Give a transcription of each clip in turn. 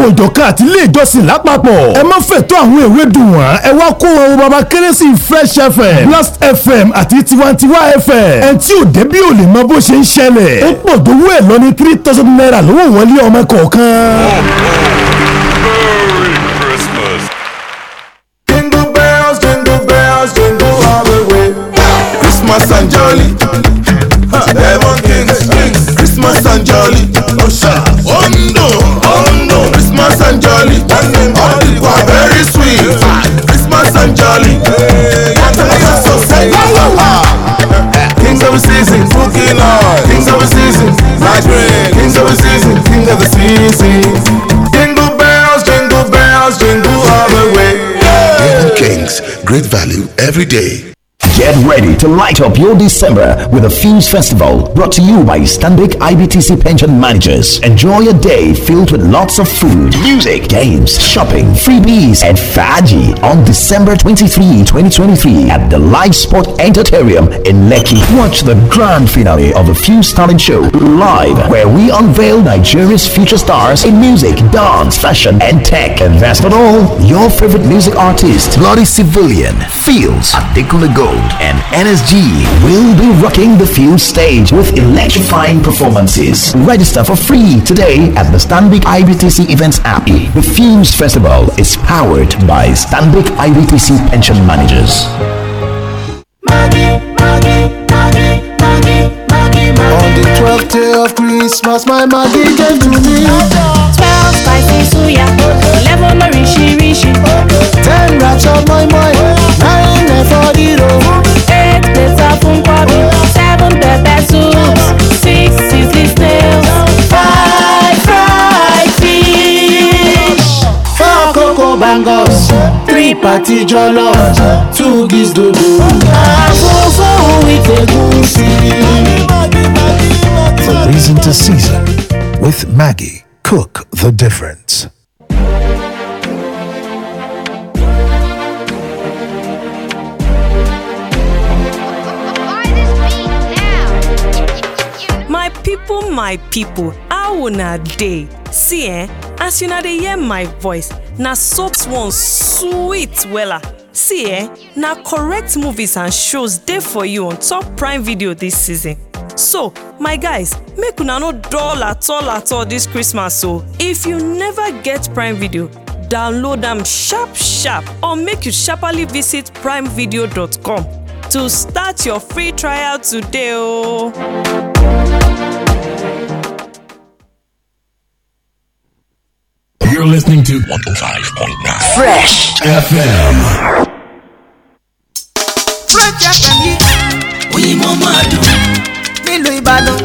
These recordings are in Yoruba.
lọ́lọ́kan òjọ̀kan àti ilé ìjọsìn lápapọ̀ ẹ má fẹ̀tọ́ àwọn ìwé dùn wọ́n ẹ wá kó wọn wo baba kérésì fresh fm blast fm àti tiwantiwa fm ẹ tí ò débí ò lè mọ bó ṣe ń ṣẹlẹ̀ ó pọ̀ tó wú ẹ̀ lọ ní three thousand naira lọ́wọ́ wọn ọmọ kọ̀ọ̀kan. great value every day. Get ready to light up your December with a Fuse Festival brought to you by Stanbic IBTC Pension Managers. Enjoy a day filled with lots of food, music, games, shopping, freebies, and faji on December 23, 2023 at the Live Sport Entertainment in Lekki. Watch the grand finale of the Fuse Talent Show live where we unveil Nigeria's future stars in music, dance, fashion, and tech. And that's not all. Your favorite music artist, Bloody Civilian, Fields, Adekunle Gold, and NSG will be rocking the field stage with electrifying performances. Register for free today at the Stanbic IBTC Events app. The Fumes Festival is powered by Stanbic IBTC Pension Managers. On the 12th day of Christmas, my Maggie gave to me. Twelve spicy suya, eleven orishi rishi, ten rats of my. party jollof two gigs dodo afofo with egusi. From season to season with Maggie, cook the difference. My people, my people, how una dey? See, eh? As una dey hear my voice, na salt one sweet wella see eh na correct movies and shows dey for you on top prime video this season so my guys make una no dull at all at all this christmas o oh. if you never get prime video download am sharp sharp or make you sharply visit primevideo.com to start your free trial today o. Oh. You're listening to 105.9 Fresh FM. Fresh FM yìí. Oyinmọ̀ máa dùn. Nílùú Ìbàdàn.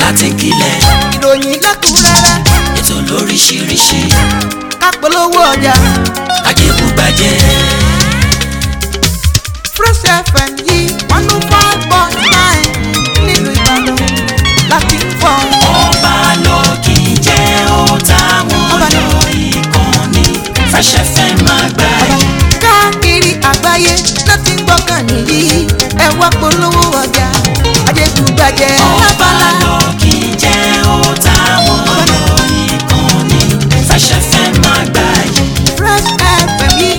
Láti kílẹ̀. Ìròyìn lẹ́kùnrẹ́rẹ́. Ètò lóríṣiríṣi. Kápolówó ọjà. Ajẹ́kùgbàjẹ́. Fresh FM yìí. 105. Fresh FM máa gbà yìí. káàkiri àgbáyé láti ń gbọ́kàn nìyí ẹ wá polówó ọjà ajégúngbàjẹ́ lábala. ọba lọ kì í jẹ́ ó táwọn lọ ìkànnì Fresh FM máa gbà yìí. Fresh FM yìí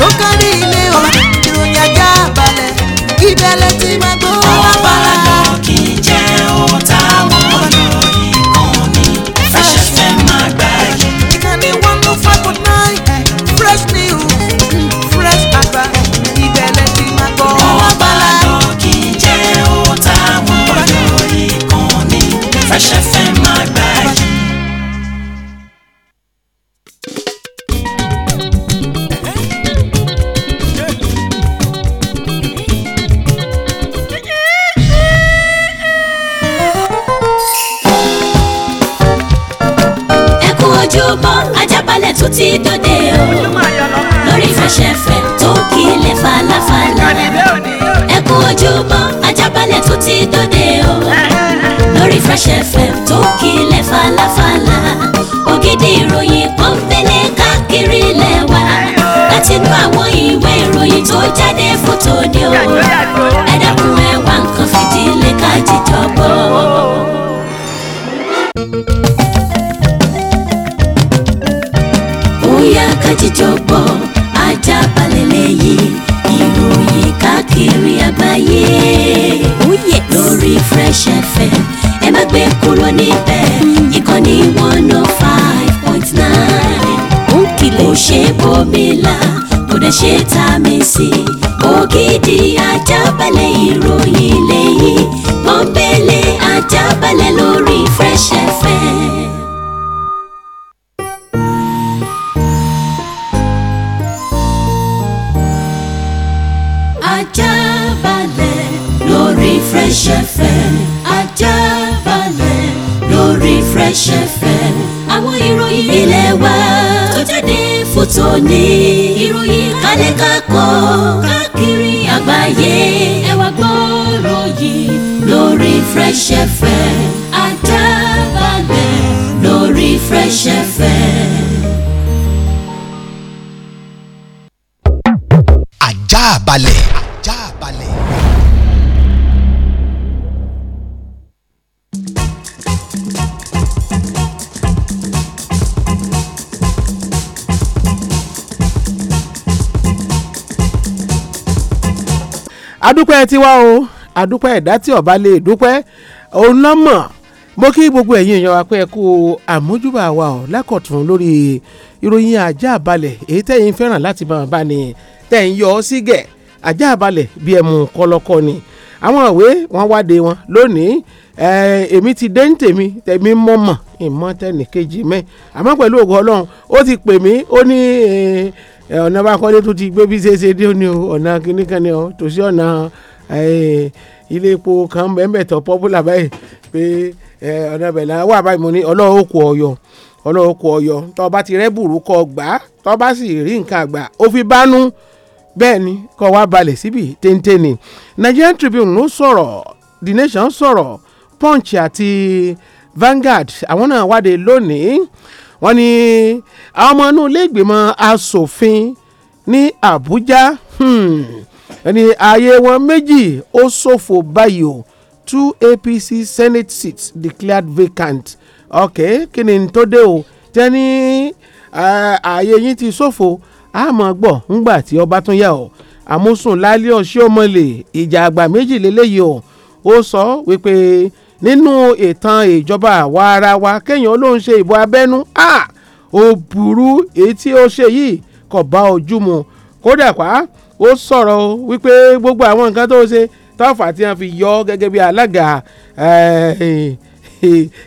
tó kárí ilé o ìròyìn ajá balẹ̀ ìbẹ̀lẹ̀ tí máa gbà. Fresh FM. Fresh FM tó kílẹ̀ falafala ògidì ìròyìn kan fẹlẹ̀ káàkiri lẹ́wà látinú àwọn ìwé ìròyìn tó jáde fótó ni ó. ògidì ajábalẹ̀ ìròyìn lẹ́yìn Fresh FM Àdábàgbẹ̀ lórí Fresh FM. ajá balẹ̀. ajá balẹ̀. adúpẹ́ tiwa o adúpẹ́ ẹ̀dá tí ọba lè dúpẹ́ òun lọ́mọ̀ mo kí gbogbo ẹ̀yin èèyàn wa pé ẹ kú àmójúbà wa ọ̀ lákọ̀tún lórí ìròyìn ajá balẹ̀ èyí tẹ̀yin fẹ́ràn láti máa bá ní tẹ̀yin yọ ọ́ sí gẹ̀ ajá balẹ̀ bí ẹmu kọlọ́kọ́ ni àwọn ìwé wọn wáde wọn lónìí èmi ti dé ní tèmi tèmi mọ̀ mọ̀ ìmọ̀ tẹ̀nì kejì mẹ́ àmọ́ pẹ̀lú ògo ọlọ́run ó ti pè mí ó ní ọ̀nà bá kọ́lé tó ti gbé bí ṣe ṣe dé ó ní ọ̀nà kìnnìkan ni ó tòṣí ọ̀nà ilé epo kan bẹ́ẹ̀nbẹ́ẹ̀tọ̀ popular báyìí pé ọ̀nà wà báyìí mo ní ọlọ́run ọyọ ọlọ́run ọyọ tọba o ti rẹ́ kọ gbà tọba si sì rí nǹkan gbà ó fi bánú bẹ́ẹ̀ ni kọ́ balẹ̀ síbi Nigerian Tribune sọ̀rọ̀ The Nation sọ̀rọ̀ Punch àti Vanguard àwọn náà wáde lónìí àwọn ọmọ inú ẹni ààyè wọn méjì ó ṣòfò báyìí o two APC Senate seats declared vacant ok kí ni tó dé o tẹ́ ní ààyè yín ti ṣòfò àmọ́ gbọ́ ńgbà tí ọba tún yà ọ́ àmúsùn lálẹ́ ọ̀ṣẹ́ ọmọlè ìjà àgbà méjì lélẹ́yìí o ó sọ wípé nínú ìtàn ìjọba àwa ara wa kéèyàn ló ṣe ìbò abẹ́nú ó burú èyí tí ó ṣe yìí kò bá ojú mu kódà pa ó sọ̀rọ̀ o wípé gbogbo àwọn nǹkan tó ṣe táfà tí wọ́n fi yọ ọ́ gẹ́gẹ́ bí alága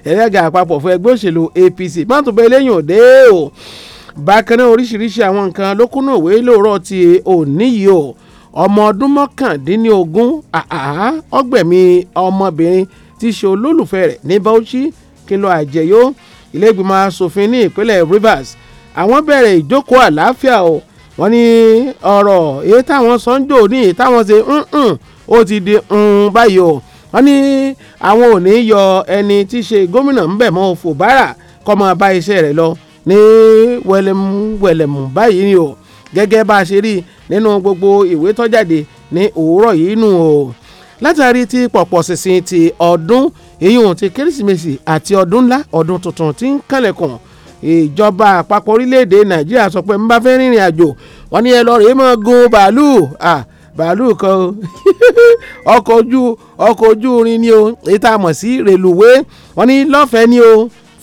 ẹlẹ́gà eh, àpapọ̀ fún ẹgbẹ́ òṣèlú APC mọ́tò bẹ́ẹ̀ lẹ́yìn òde o bákan náà oríṣiríṣi àwọn nǹkan ló kúnnú òwe lóòrọ̀ ti òní yìí o ọmọ ọdún mọ́kàndínlógún ọgbẹ̀mí ọmọbìnrin tí ṣe olólùfẹ́ rẹ̀ ní Bauchi kí ló àjẹyó ilé ìgbìmọ̀ asòfin ní ìpínlẹ̀ Rivers àwọn bẹ̀rẹ̀ ìjókòó àlàáfíà o wọ́n ní ọ̀rọ̀ èyí táwọn sọ ń jò ní èyí táwọn ṣe ó ti di báyìí o wọ́n ní àwọn ò ní yọ ẹni tí í ṣe gómìnà ń bẹ̀ mọ́ Fubara kó máa bá iṣẹ́ rẹ̀ lọ ní wẹ̀lẹ̀mú báyìí ni o gẹ́gẹ́ bá a ṣe rí nínú gbogbo ìwé tó ní òwúrọ̀ yìí nù o látàrí ti pọ̀pọ̀ ṣìnṣìn ti ọdún èyí wọn ti kérésìmesì àti ọdún ńlá ọdún tuntun ti ń kànlẹ̀kùn ìjọba àpapọ̀ orílẹ̀-èdè nàìjíríà sọ pé ń bá fẹ́ rìnrìn àjò wọ́n ní ẹ lọ rèé mọ́ gun bàálù bàálù kan o ọkọ̀ ojú ọkọ̀ ojú irin ni o èyí tá a mọ̀ sí rèlùwé wọ́n ní lọ́fẹ̀ẹ́ ni o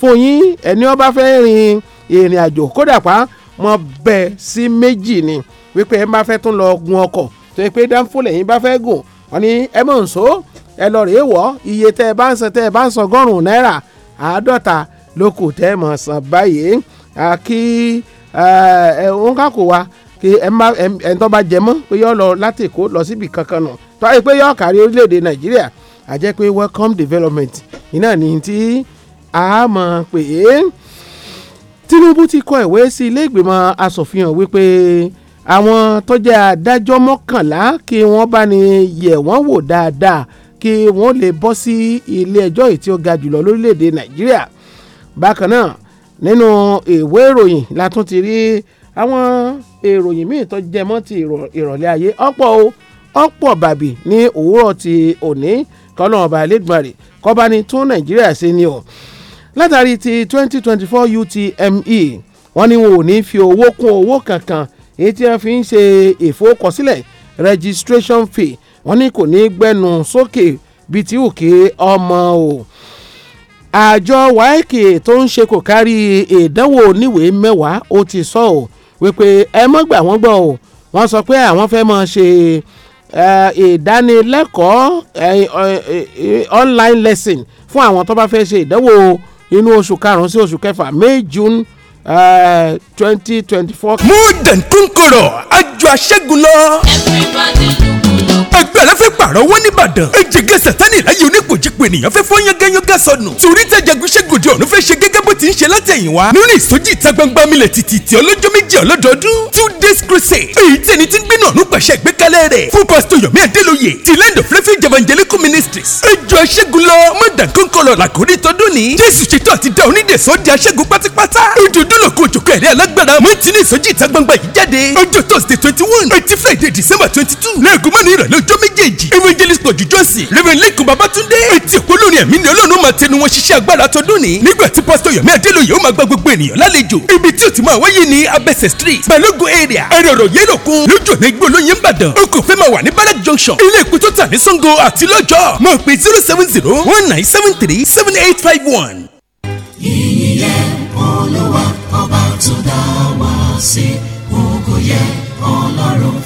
fún yín ẹni wọ́n bá fẹ́ rìn ìrìn àjò kódà pa mọ́ bẹ̀ sí méjì ni wípé ẹ bá fẹ́ tún lọ gun ọkọ̀ tó yẹ pé dánfò lẹ́yìn bá fẹ́ gùn wọ́n ní ẹ mọ̀ nsó ẹ lọ rèé wọ̀ iye tẹ́ ẹ bá ń san tẹ́ ẹ bá ń san ọgọ́rùn-ún náírà àádọ́ta lókù tẹ́ mọ̀ sàn báyìí kí òun kàkó wa kí ẹni tó bá jẹ mọ́ pé yọ lọ láti Èkó lọ síbi kankan nù tó ayé pé yọ kárí orílẹ̀-èdè Nàìjíríà àjẹ́ pé welcome development iná ní tí a mọ̀ pé Tinubu ti kọ ìwé sí ilé ìgbìmọ̀ asòfin hàn wípé àwọn tó jẹ́ adájọ́ mọ́kànlá kí wọ́n bá ní yẹ̀ wọ́n wò dáadáa kí wọ́n lè bọ́ sí ilé ẹjọ́ èyí ó ga jùlọ lórílẹ̀‐èdè Nàìjíríà bákan náà nínú ìwé ìròyìn la tún ti rí àwọn ìròyìn míì tó jẹ mọ́ ti ìrọ̀lẹ́ ayé ọ̀pọ̀ o ọ̀pọ̀ bàbí ní òwúrọ̀ ti òní kọ́nà ọba ẹlẹ́gbọ̀nrẹ̀ kọ́ba ni tún nàìjíríà ṣe ni o látàrí ti 2024 UTME wọ́n ní wọn ò ní fi owó kún owó kankan èyí tí wọ́n fi ń ṣe ìfowókọsílẹ̀ registration fee wọ́n ní kò ní gbẹ́nu sókè bíi ti òkè ọmọ o. Okay, àjọ wáìkì tó ń ṣe kò kárí ìdánwò oníwèé mẹ́wàá ó ti sọ ọ́ wípé ẹ mọ́ gbà wọ́n gbọ́ ọ́ wọ́n sọ pé àwọn fẹ́ máa ṣe ìdánilẹ́kọ̀ọ́ online lesson fún àwọn tó bá fẹ́ ṣe ìdánwò inú oṣù karùn-ún sí oṣù kẹfà May June twenty twenty four. more than conqueror ju aṣẹ́gun lọ. everybody lùkùlùkù. ẹgbẹ́ rẹ fẹ́ pààrọ̀ owó nìbàdàn. ejìgẹ́ sẹ̀tẹ́nì láyé oníkòjìpò ènìyàn fẹ́ fọ́ yángá-yángá sọnù. torí tẹ̀jagun ṣẹ́gun di ọ̀run fẹ́ ṣe gẹ́gẹ́ bó ti ń ṣe látẹ̀yìnwá. nínú ìsọjí ìta gbangba milẹ̀ títí tí ọlọ́jọ́ méje ọlọ́dọọdún. two days crusade. èyí tí ẹni tí ń gbé náà nípasẹ̀ ìgbékalẹ̀ rẹ̀. fún pásítọ̀ yomi adélóye ti land of refuge evangelical ministries. ẹjọ́ aṣẹ́gun lọ mọ̀dàkọ́kọ́lọ̀ làkúrí tọdún ni. jésù ṣetán àti dá onídẹ̀sọ́ di aṣẹ́gun pátápátá. ìdùnnú lọ́kọ̀ òjòkó ẹ̀rí alágbára mú ti ní ìsọjí ìta gbangba yìí jáde. twenty twenty one eighty friday december twenty two lẹ́ẹ̀kọ́ mọ́ni ìrọ̀lẹ́ ọjọ́ méjèèjì evangelist pọ̀jù jọ́sìn reverend lẹ́kùn babatunde etí ìpolórin ẹ̀mí ni ọlọ́run máa tẹnu wọn ṣiṣẹ́ agbára tọdún ni nígbà tí pásítọ̀ yomi adélòye ó máa gba gbogbo ènìyàn lálejò ibi tí ó ti máa wáyé ní abẹ́sẹ̀ street balógun area ẹ̀rọ ọ̀rọ̀ yẹn lòkun lójú ọ̀nà igbó olóyin ń bàdàn o kò fẹ́ máa wà ní barrack junction ilé ìpín tó tà ní sango àti lọ́jọ́ máa pè zero seven zero one nine seven three seven eight five one. yìnyín yẹn olúwa ọba tó dá wa sí ògo yẹn Lord.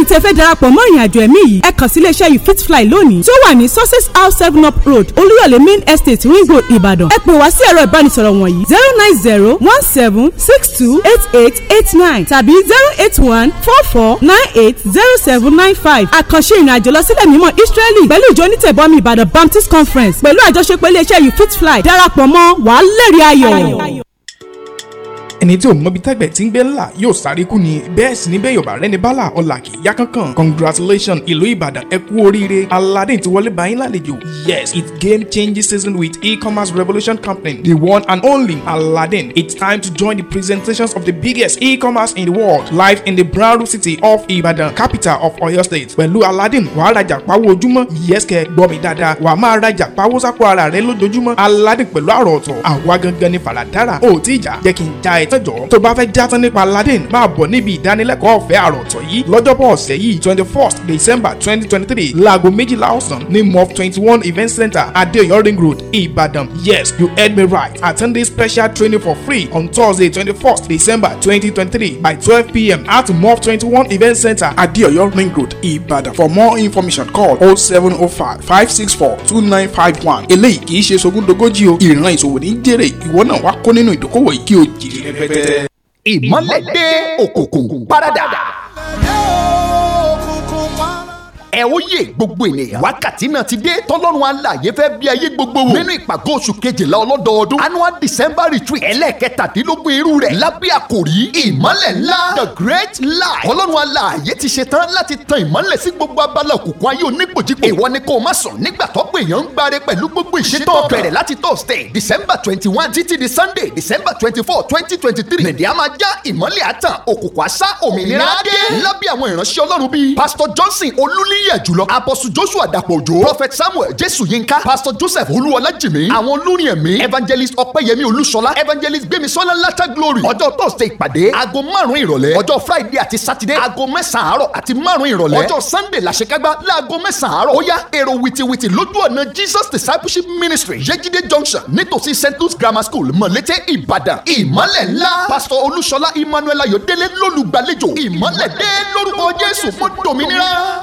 báyìí tẹ́ fẹ́ darapọ̀ mọ́ ìrìn àjò ẹ̀mí yìí ẹ kàn sí iléeṣẹ́ yìí fitfly lónìí tó wà ní success house seven up road olúyọ̀lé main estate ring road ìbàdàn ẹ pè wá sí ẹ̀rọ ìbánisọ̀rọ̀ wọ̀nyí zero nine zero one seven six two eight eight eight nine tàbí zero eight one four four nine eight zero seven nine five àkànṣe ìrìn àjò lọ sílẹ̀ mímọ́ israeli pẹ̀lú ìjọ onítẹ̀bọmi ìbàdàn baptist conference pẹ̀lú àjọṣepọ̀ iléeṣẹ́ yìí fitfly darapọ̀ mọ́ wàá lẹ́rìí ayọ̀ ẹni tí ò mọbi tẹ́gbẹ̀ tí ń gbé ńlá yóò sáré kú ni bẹ́ẹ̀ sì níbẹ̀ yorùbá rẹ́ni bálà ọ̀là kì í yá kankan congratulation ìlú ìbàdàn ẹ kú oríire aládé ti wọlé bá lálejò yes it's game changing season with e-commerce revolution company the one and only aladdin it's time to join the presentations of the biggest e-commerce in the world live in the brown city of ibadan capital of oyo state pẹ̀lú aladdin wàá rajà pawó ojúmọ́ yes kẹ́ gbọ́ mi dáadáa wàá máa rajà pawó sápò ara rẹ lójoojúmọ́ aladdin pẹ̀lú àrọ̀ ọ̀tọ̀ àwa gangan ni fàràdàrà ò tí ì kẹtẹjọ tó bá fẹ́ já tán nípa aladdin máa bọ̀ níbi ìdánilẹ́kọ̀ọ́ ọ̀fẹ́ àròtọ̀ yìí lọ́jọ́bọ̀ ọ̀sẹ̀ yìí twenty first december twenty twenty three láago méjìlá ọ̀sán ní mof twenty one event center adeoyo ring road ibadan yes you heard me right attend this special training for free on thursday twenty first december twenty twenty three by twelve pm at mof twenty one event center adeoyo ring road ibadan for more information call oh seven oh five five six four two nine five one eléyìí kì í ṣe sogúndogójì o ìran ìṣòwò ní jèrè ìwọ náà wá kó nínú ìdókòwò yìí kí o jèrè. rẹpẹtẹ. ìmọ̀lẹ́dẹ́ òkùnkùn paradà. ẹ ó yè gbogbo ènìyàn. wákàtí náà ti dé tọ́lọ́run alààyè fẹ́ bí ayé gbogbo wò. nínú ìpàgọ́ oṣù kejìlá ọlọ́dọọdún annual december retreat ẹlẹ́ẹ̀kẹtàdínlógún irú rẹ̀ lábẹ́ àkòrí ìmọ́lẹ̀ ńlá the great light. ọlọ́run alààyè ti ṣe tán láti tan ìmọ́lẹ̀ sí gbogbo abala òkùnkùn ayé onígbòjìgbò. èèwọ̀ ni kò má sùn nígbà tó pé èèyàn ń gbáre pẹ̀lú gbogbo ìṣètò bẹ̀rẹ̀ láti thursday december twenty one títí di sunday december twenty four twenty twenty three nìdí á máa já ìmọ́lẹ̀ àtàn òkùnkùn àṣà òmìnira dé. lábẹ́ àwọn ìránṣẹ́ ọlọ́run bíi pastor johnson olúlí yíyẹ jùlọ apọ́sù joshua dàpọ̀ òjò prophet samuel jésù yínká pastor joseph olúwọlá jìmí àwọn olórin ẹ̀mí evangelist ọpẹ́yẹmí olúṣọlá evangelist gbémisọ́lá látà glory ọjọ́ thursday ìpàdé aago márùn ìrọ̀lẹ́ ọjọ́ friday àti saturday aago mẹ́sàn-án àárọ̀ àti márùn ìrọ̀lẹ́ ọjọ́ sunday làṣekágbá láago mẹ́sàn-án àárọ̀ ó yá èrò wìtìwìtì jesus discipleship ministry yejide junction nítòsí st grammar school mọ̀lété ìbàdàn ìmọ̀lẹ̀ pastor olúṣọlá emmanuel ayọ̀délé lólùgbàlejò ìmọ̀lẹ̀ dé lórúkọ jésù fún dominira.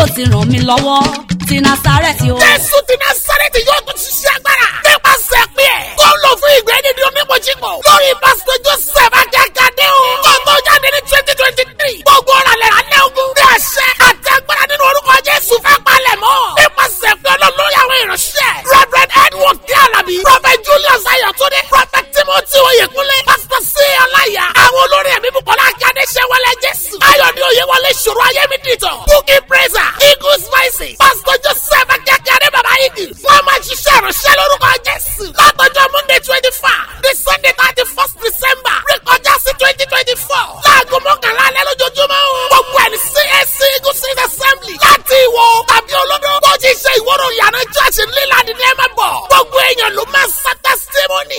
ó ti ràn mí lọ́wọ́ ti Násárẹ́tì o. Jésù ti Násárẹ́tì yóò tún ṣiṣẹ́ agbára. nípasẹ̀ pé ẹ̀ tó ń lò fún ìgbẹ́ nídìí omi mojìmọ̀ lórí pásítọ̀ Joseph Akíákadé o. kó tó jáde ní twenty twenty three gbogbo ọ̀rọ̀ lẹ́ra ní ogun ní àṣẹ àti agbára nínú orúkọ Jésù fẹ́ palẹ̀ mọ́. nípasẹ̀ pé ọlọ́run lórí àwọn ìránṣẹ́ rọ́d prophet edward kíalabi prophet julius ayatunde prophet timothy oyekunle pastor c ọláyà àwọn olórí ẹ̀mí bukola akíndéṣẹ́wọlé jésù ayọ̀dẹ oyewọlé ṣòro ayémídìtọ̀ bukki praiser eagles voices pastor joseph akíakíadé baba igi wọ́n máa ṣiṣẹ́ ìránṣẹ́ lórúkọ jésù látọjọ́ monday twenty five the sunday thirty first december rékọjá sí twenty twenty four láago mọ́kànlá alẹ́ lójoojúmọ́ gbogbo ẹni cac eagles assembly láti ìwọ tàbí olódó bó ti ṣe ìwọ́rọ̀ ìyànà church ńlẹ́lá nínú ẹ̀ máa bọ̀ gbogbo èèyàn ló máa sá testimony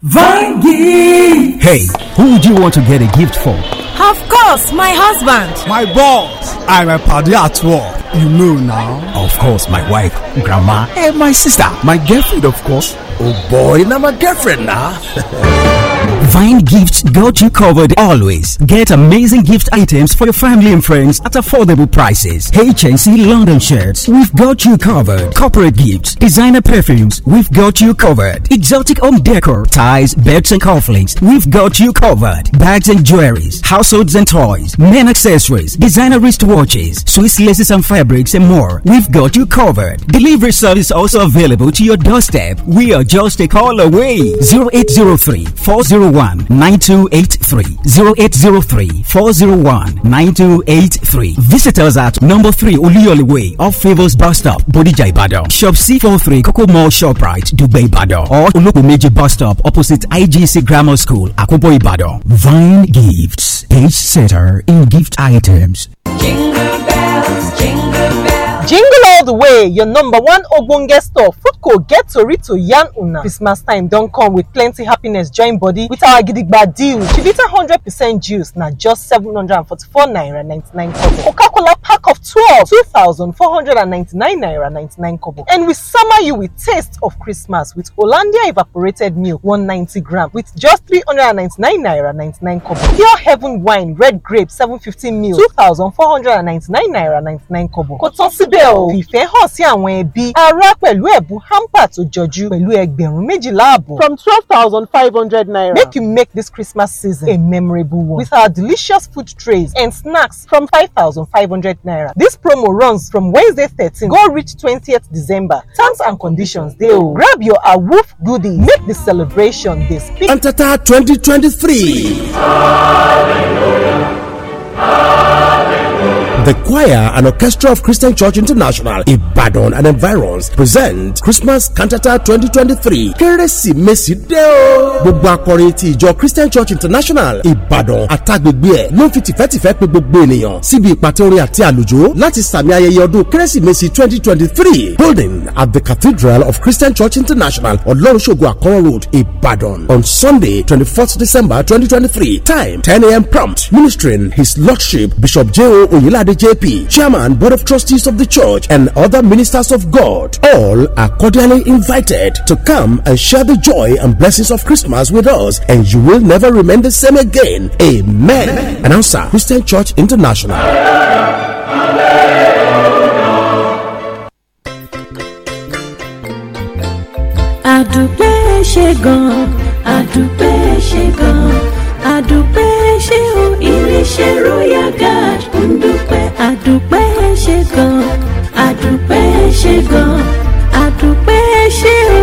Hey, who would you want to get a gift for? Of course, my husband. My boss. I'm a party at work. You know now. Of course, my wife, grandma, and my sister. My girlfriend, of course. Oh boy, now my girlfriend now. Vine Gifts got you covered always. Get amazing gift items for your family and friends at affordable prices. HNC London shirts, we've got you covered. Corporate gifts, designer perfumes, we've got you covered. Exotic home decor, ties, beds and cufflinks, we've got you covered. Bags and jewelries, households and toys, men accessories, designer wristwatches, Swiss laces and fabrics and more. We've got you covered. Delivery service also available to your doorstep. We are just a call away. 0803 401 9283. 0803 401 9283. Visit us at number 3 Uliyoli Way off Favors Bus Stop, Bodija Ibadan. Shop C43 Coco Mall Shoprite, Dubai Ibadan. Or Ulukumeji Bus Stop opposite IGC Grammar School, Akobo Ibadan. Vine Gifts, page setter in gift items. Jingle bells, jingle jingle all the way your number one ogbonge store foodco get tori to yarn una christmas time don't come with plenty happiness join body with our gidigba deal chivita hundred percent juice now just seven hundred and forty-four naira ninety-nine kobo coca-cola pack of 12 2,499 naira ninety-nine kobo and we summer you with taste of christmas with Olandia evaporated milk one ninety gram with just three hundred and ninety-nine naira ninety-nine kobo pure heaven wine red grape seven fifty mil two thousand four hundred and ninety-nine naira ninety-nine kobo cotton bẹ́ẹ̀ o fìfẹ́ hàn sí àwọn ẹbí ará pẹ̀lú ẹ̀bùn hamper tó jọjú pẹ̀lú ẹgbẹ̀rún méjìlá àbọ̀. from twelve thousand five hundred naira. make you make this Christmas season a memorable one with our delicious food trays and snacks from five thousand five hundred naira. this promo runs from Wednesday thirteen go reach twentieth December terms and conditions dey o. grab your awoof goodies make the celebration dey speak. Antata twenty twenty three the Choir and Orchestra of Christian Church International, Ibadan and Environs present Christmas Cantata 2023. Kérésìmesì dé o. Gbogbo akọrin ti ìjọ Christian Church International, Ìbàdàn àtàgbègbè ẹ̀ ló ń fi tìfẹ́tìfẹ́ pè gbogbo ènìyàn síbi ìpàtẹ orin àti àlùjó láti sàmì ayẹyẹ ọdún Kérésìmesì 2023. holding at the Cathedral of Christian Church International, Olorunsogun Akoro Road, Ìbàdàn on Sunday 24th December 2023. Time 10 a.m. prompt. Ministering His Lordship Bishop J.O. Oyelade JP, Chairman, Board of Trustees of the Church, and other ministers of God. All are cordially invited to come and share the joy and blessings of Christmas with us, and you will never remain the same again. Amen. Amen. Announcer Christian Church International. àdùpẹ́ àdùpẹ́ Adupe ṣé o iléeṣẹ́ royal guard ń dúpẹ́ àdùpẹ́ ṣe gan àdùpẹ́ ṣe gan àdùpẹ́ ṣe o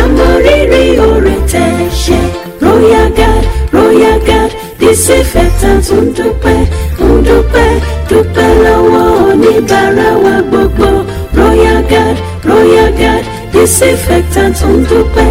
àmọ̀rírì oore tẹ̀ ṣe royal guard royal guard disinfectant ń dúpẹ́ ń dúpẹ́ dúpẹ́ lọ́wọ́ oníbàárà wa gbogbo royal guard royal guard disinfectant ń dúpẹ́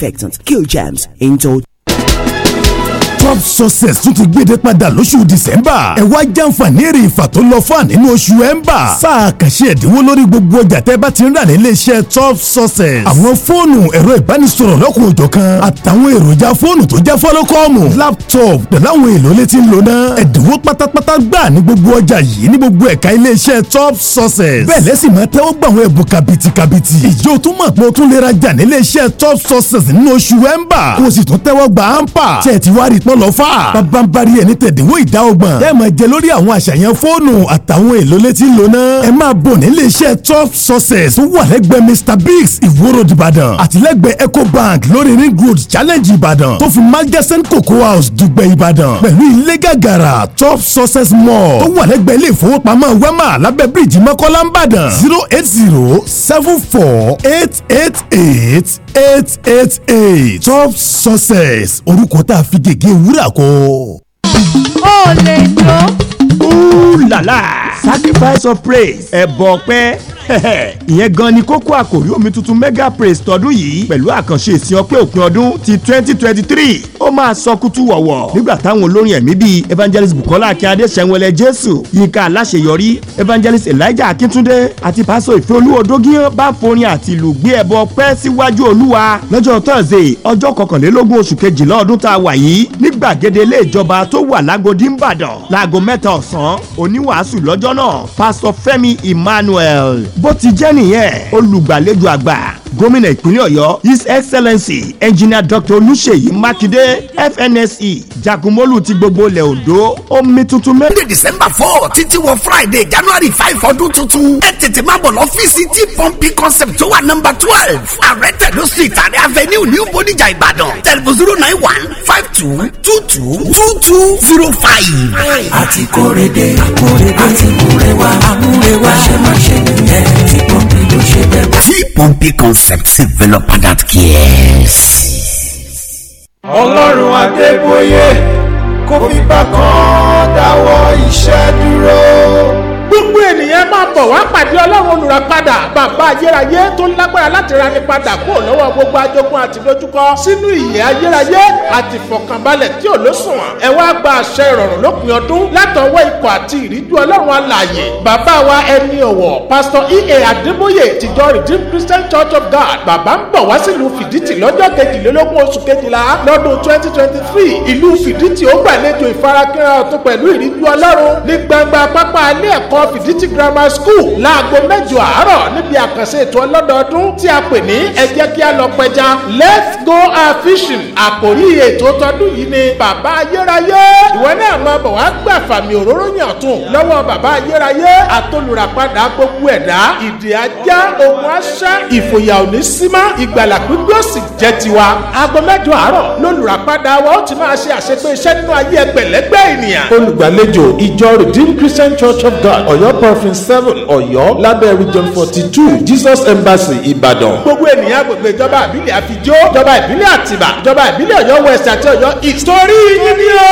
disinfectants, kill germs, into top success tún ti gbéde padà lóṣù december ẹ wá jàǹfààní èrè ìfà tó lọ fún ànínú oṣù ember sáà kàṣe ẹ̀dínwó lórí gbogbo ọjà tẹ́ bá ti ń rà ní iléeṣẹ́ top success àwọn fóònù ẹ̀rọ ìbánisọ̀rọ̀ lọ́kùn òjọ̀ kan àtàwọn èròjà fóònù tó jẹ́ fọ́lọ́kọ́ọ̀mù laptop pẹ̀lú àwọn èlò létí ń lò náà ẹ̀dínwó pátápátá gbà ní gbogbo ọjà yìí ní gbogbo ẹ̀ka iléeṣẹ́ top success bẹ́ẹ̀ lẹ́sìn máa tẹ́wọ́ gbà àwọn ẹ̀bùn kàbìtì kàbìtì ìjọ tún mọ̀ top success nínú oṣù ember kó o sì ampa tẹ̀ tí wá lọ́fà. babambari ẹni tẹ̀dínwó ìdá ọgbọ̀n. tẹ́ ẹ máa jẹ lórí àwọn àṣàyàn fóònù àtàwọn èlò létí lóná. ẹ máa bọ̀ nílé iṣẹ́ top success wà lẹ́gbẹ̀ẹ́ mr biggs ìwòrò ìbàdàn àtìlẹ́gbẹ̀ẹ́ ecobank lórí ring road challenge ìbàdàn tó fi magasin cocoa house dùgbẹ̀ ìbàdàn pẹ̀lú ilé gàgàrà top success mall tó wà lẹ́gbẹ̀ẹ́ ilé ìfowópamọ́ wema lábẹ́ bíríìjì mọ́kọ́lá ìbàdàn zero eight zero seven four eight eight eight eight eight eight top success orúkọ tá a fi gègé wú wúrà kó. ó lè jó. la, làlà. sacrifice of praise ẹ̀bọ̀ pẹ́. ìyẹn gan ni kókó àkòrí omi tuntun mega praise tọdún yìí pẹ̀lú àkànṣe ìsìn ọpẹ́ òpin ọdún ti twenty twenty three ó máa sọ kútú wọ̀wọ̀ nígbà táwọn olórin ẹ̀mí bíi evangelist bukola akíade sẹ́wọ̀lẹ̀ jésù Yinka aláṣeyọrí evangelist elijah akíntúndé àti pásọ ìfẹ́ olúwo dógíyàn bá forin àti ìlú gbé ẹbọ pẹ́ síwájú olúwa lọ́jọ́ thursday ọjọ́ kọkànlélógún oṣù kejìlá ọdún tá a wà yìí ní gbàgede ilé ìjọba tó wà lágodi ńbàdàn láago mẹ́ta ọ̀sán oníwàásù lọ́jọ́ náà pásọ fẹ́mi emmanuel bó ti jẹ́ nìyẹn olùgbàlejò àgbà gómìnà ìpínlẹ̀ ọ̀yọ́ his excellency engineer dr olùṣèyí mákindé fnse jagunmólú ti gbogbo ilẹ̀ ondo omi tuntun mẹ́rin. monday december four títí wọ friday january five ọdún tuntun ẹ tètè máa bọ̀ lọ́fíìsì tí pọ́ǹpì concept tó wà nọ́mbà twelve ààrẹ tẹ̀lé street àrẹ avenue new bodijà ìbàdàn tẹlifù zero nine one five two two two two two zero five. àti kórede àkórede àti múrẹwà àmúrẹwà àṣemáṣe nìyẹn tí pọ́ǹpì ló ṣe bẹ́ẹ̀. concept developer that cares. ọlọ́run adébóyè kó fipá kan dáwọ́ iṣẹ́ dúró gbogbo ènìyàn máa bọ̀ wá pàdé ọlọ́run olùràpadà bàbá ayérayé tó lágbára láti rani padà kó lọ́wọ́ gbogbo ajogun àti dojúkọ sínú ìyè ayérayé àti ìfọ̀kànbalẹ̀ tí ò lóṣùwọ̀n ẹ wá gba àṣẹ ìrọ̀rùn lópin ọdún látọwọ́ ikọ̀ àti ìríjú ọlọ́run alààyè bàbá wa ẹni ọ̀wọ̀ pásítọ̀ ea adébóyè tìjọ redeemed christian church of god bàbá ń bọ̀ wá sílùú fìdítì lọ́jọ́ kejìlélógún oṣù kejìlá lọ́dún twenty twenty three ìlú fìdítì ó gbàlejò ìfarakínra ọ̀tún pẹ̀lú ìríjú ọlọ́run ní gbangba pápá ilé ẹ̀kọ́ ọmọ fìdítì grammar school láago mẹ́jọ àárọ̀ níbi àkànṣe ètò ọlọ́dọọdún tí a pè ní ẹ jẹ́ kí a lọ pẹja let's go fishing àkòrí ètò tọdún yìí ni bàbá ayérayé ìwọ náà máa bọ̀ wá gbà fàmì òróró yàn tún lọ́wọ́ bàbá ayérayé àtolùràpadà gbogbo ẹ̀dá ìdè ajá òun aṣá ìfòyà òní símá ìgbàlà gbígbó sì jẹ́ tiwa aago mẹ́jọ àárọ̀ lólùràpadà wa ó ti máa ṣe àṣepé iṣẹ́ nínú ayé ẹgbẹ̀lẹ́gbẹ̀ ènìyàn olùgbàlejò ìjọ redeemed christian church of god ọ̀yọ́ province seven ọ̀yọ́ lábẹ́ region forty two jesus embassy ìbàdàn. gbogbo ènìyàn agbègbè ìjọba ìbílẹ̀ àfijó ìjọba ìbílẹ̀ àtìbà ìjọba ìbílẹ̀ ọ̀yọ́ west àti ọ̀yọ́ east. torí yín ni ó.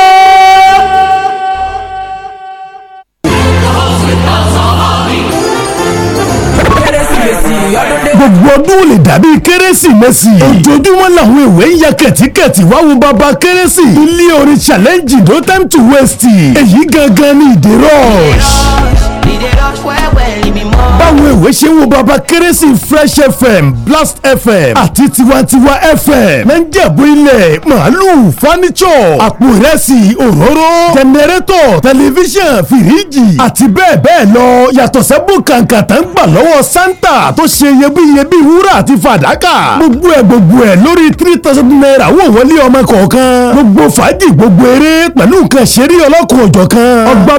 gbogbo ọdún lè dàbí kérésìmesì. ojoojúmọ́ làwọn èwe ń ya kẹ̀tíkẹ̀tì wá wo bàbá kérésì. ilé orin challenge no time to waste. èyí gangan ni ìdè rush báwo ìwé ṣe ń wo baba kérésì fresh fm blast fm àti tiwantiwa fm mẹ́ńjẹ̀bú ilẹ̀ màálù fánítsọ̀ àpò ìrẹsì òróró jẹnẹrétọ̀ tẹlifíṣàn fìríjì àti bẹ́ẹ̀ bẹ́ẹ̀ lọ yàtọ̀ sẹ́bù kàǹkà ń gbà lọ́wọ́ santa tó ṣe iyebíye bíi wúrà àti fàdákà gbogbo ẹ̀ gbogbo ẹ̀ lórí three thousand naira wò wọlé ọmọ kọ̀ọ̀kan gbogbo fàájì gbogbo eré pẹ̀lú nǹkan ṣeré ọlọ́kùnrin òjọ̀kan ọgbà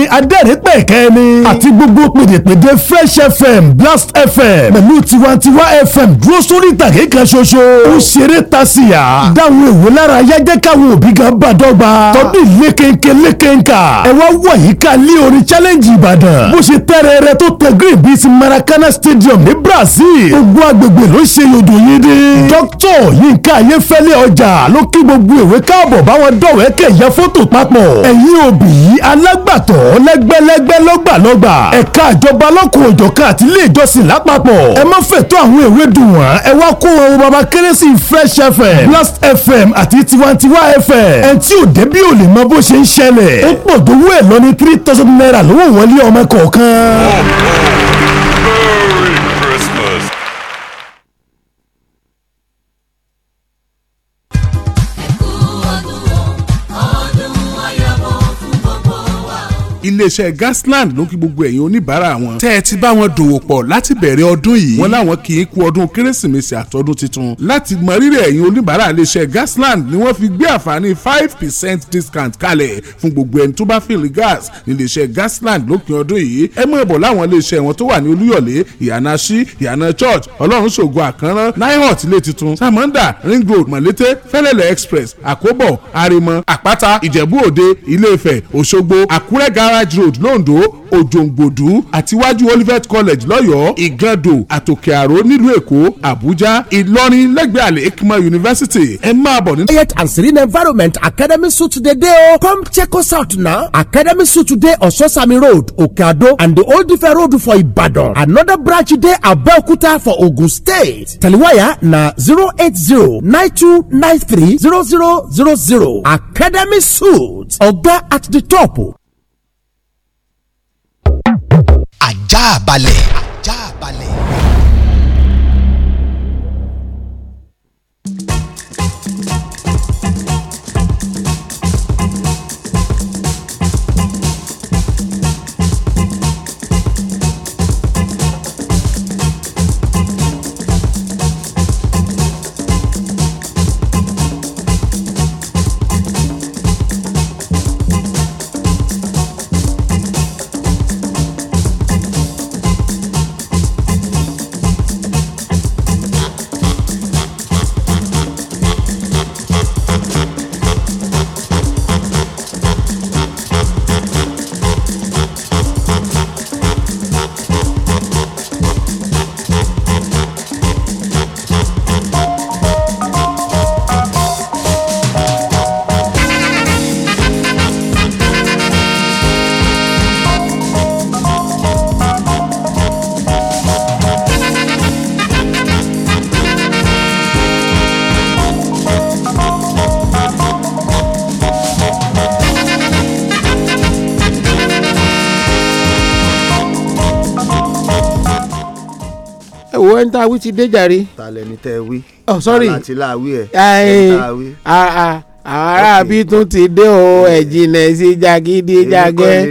ni adẹ́rìnpẹ̀kẹ́ ni àti gbogbo pèdèpèdè fresh fm blast fm pẹ̀lú tiwantiwa fm dúró sórí ìtàgé kan ṣoṣo ó ṣeré tasiya dáhùn èwo lára yájẹ́ káwọn òbí gan bá dọ́gba tọ́dún lékenke lékenka ẹ wá wọ̀nyí ká lé orin challenge ìbàdàn bó ṣe tẹ́rẹ̀ rẹ tó tẹ green bíi maracana stadium ní brazil ogun agbègbè ló ṣe yòdò yìí dé dókítọ̀ yínká ayéfẹ́lẹ́ ọjà ló kí gbogbo ìwé káàbọ̀ báwọn dọ̀wẹ́kẹ̀ yẹ fótò papọ̀ ẹ̀yin òbí alágbàtọ́ lẹ́gbẹ́lẹ́gbẹ́ lọ́gbàlọ́gbà ẹ̀ka ìjọba lọ́kùn òjọ̀kan àti ilé ìjọsìn lápapọ̀ ẹ má fẹ̀tọ́ àwọn ìwé dùn wọ́n ẹ wá kó wọn wo baba kérésì fresh fm blast fm àti tiwantiwa fm ẹ tí ò débí ò lè mọ bó ṣe ń ṣẹlẹ̀ ó pọ̀ tó wú ẹ̀ lọ ní three thousand naira lówó wọlé ọmọ kọ̀ọ̀kan. Merry Christmas. iléeṣẹ́ Gasland ló kí gbogbo ẹ̀yin oníbàárà wọn tẹ́ ẹ ti bá wọn dòwò pọ̀ láti bẹ̀rẹ̀ ọdún yìí wọn láwọn kì í kú ọdún kérésìmesì àtọdún tuntun láti mọ rírì ẹ̀yin oníbàárà iléeṣẹ́ Gasland ni wọ́n fi gbé àǹfààní five percent discount kalẹ̀ fún gbogbo ẹni tó bá fìlì gas ní iléeṣẹ́ Gasland lópin ọdún yìí ẹ mọ̀ bọ̀ láwọn iléeṣẹ́ wọn tó wà ní Olúyọ̀lé ìyànà sí ìyànà church ọlọ́run ṣògo àkànrán nihot ilé tuntun samanda ring road mọ̀lété fẹ́lẹ́lẹ̀ express àkóbọ̀ àrèmọ àpáta ìjẹ̀bú òde ilé Ifẹ̀ òṣogbo àkúrẹ́ garage college road londo òjòǹgbòdú àtiwájú olivet college lọ́yọ̀ọ́ ìgàndò àtòkè àró nílùú èkó àbújá ìlọrin lẹ́gbẹ̀ẹ́ àlè ekima university ẹ máa bọ̀ ní. quiet and serene environment academy suit dey dey o come check us out now academy suit dey ososami road okeado and the old ife road for ibadan another branch dey abeokuta for ogun state taliwaya na zero eight zero nine two nine three zero zero zero zero academy suit oga at the top. ajá balẹ̀. àwọn ẹni tá a ti dé jàre. ta lẹni tẹ wí. oh sorry ta láti láwí ẹ. ẹni tá a wí. ara àbí tún ti dé o ẹ̀jìnlẹ̀ sí jagidi jagẹ́.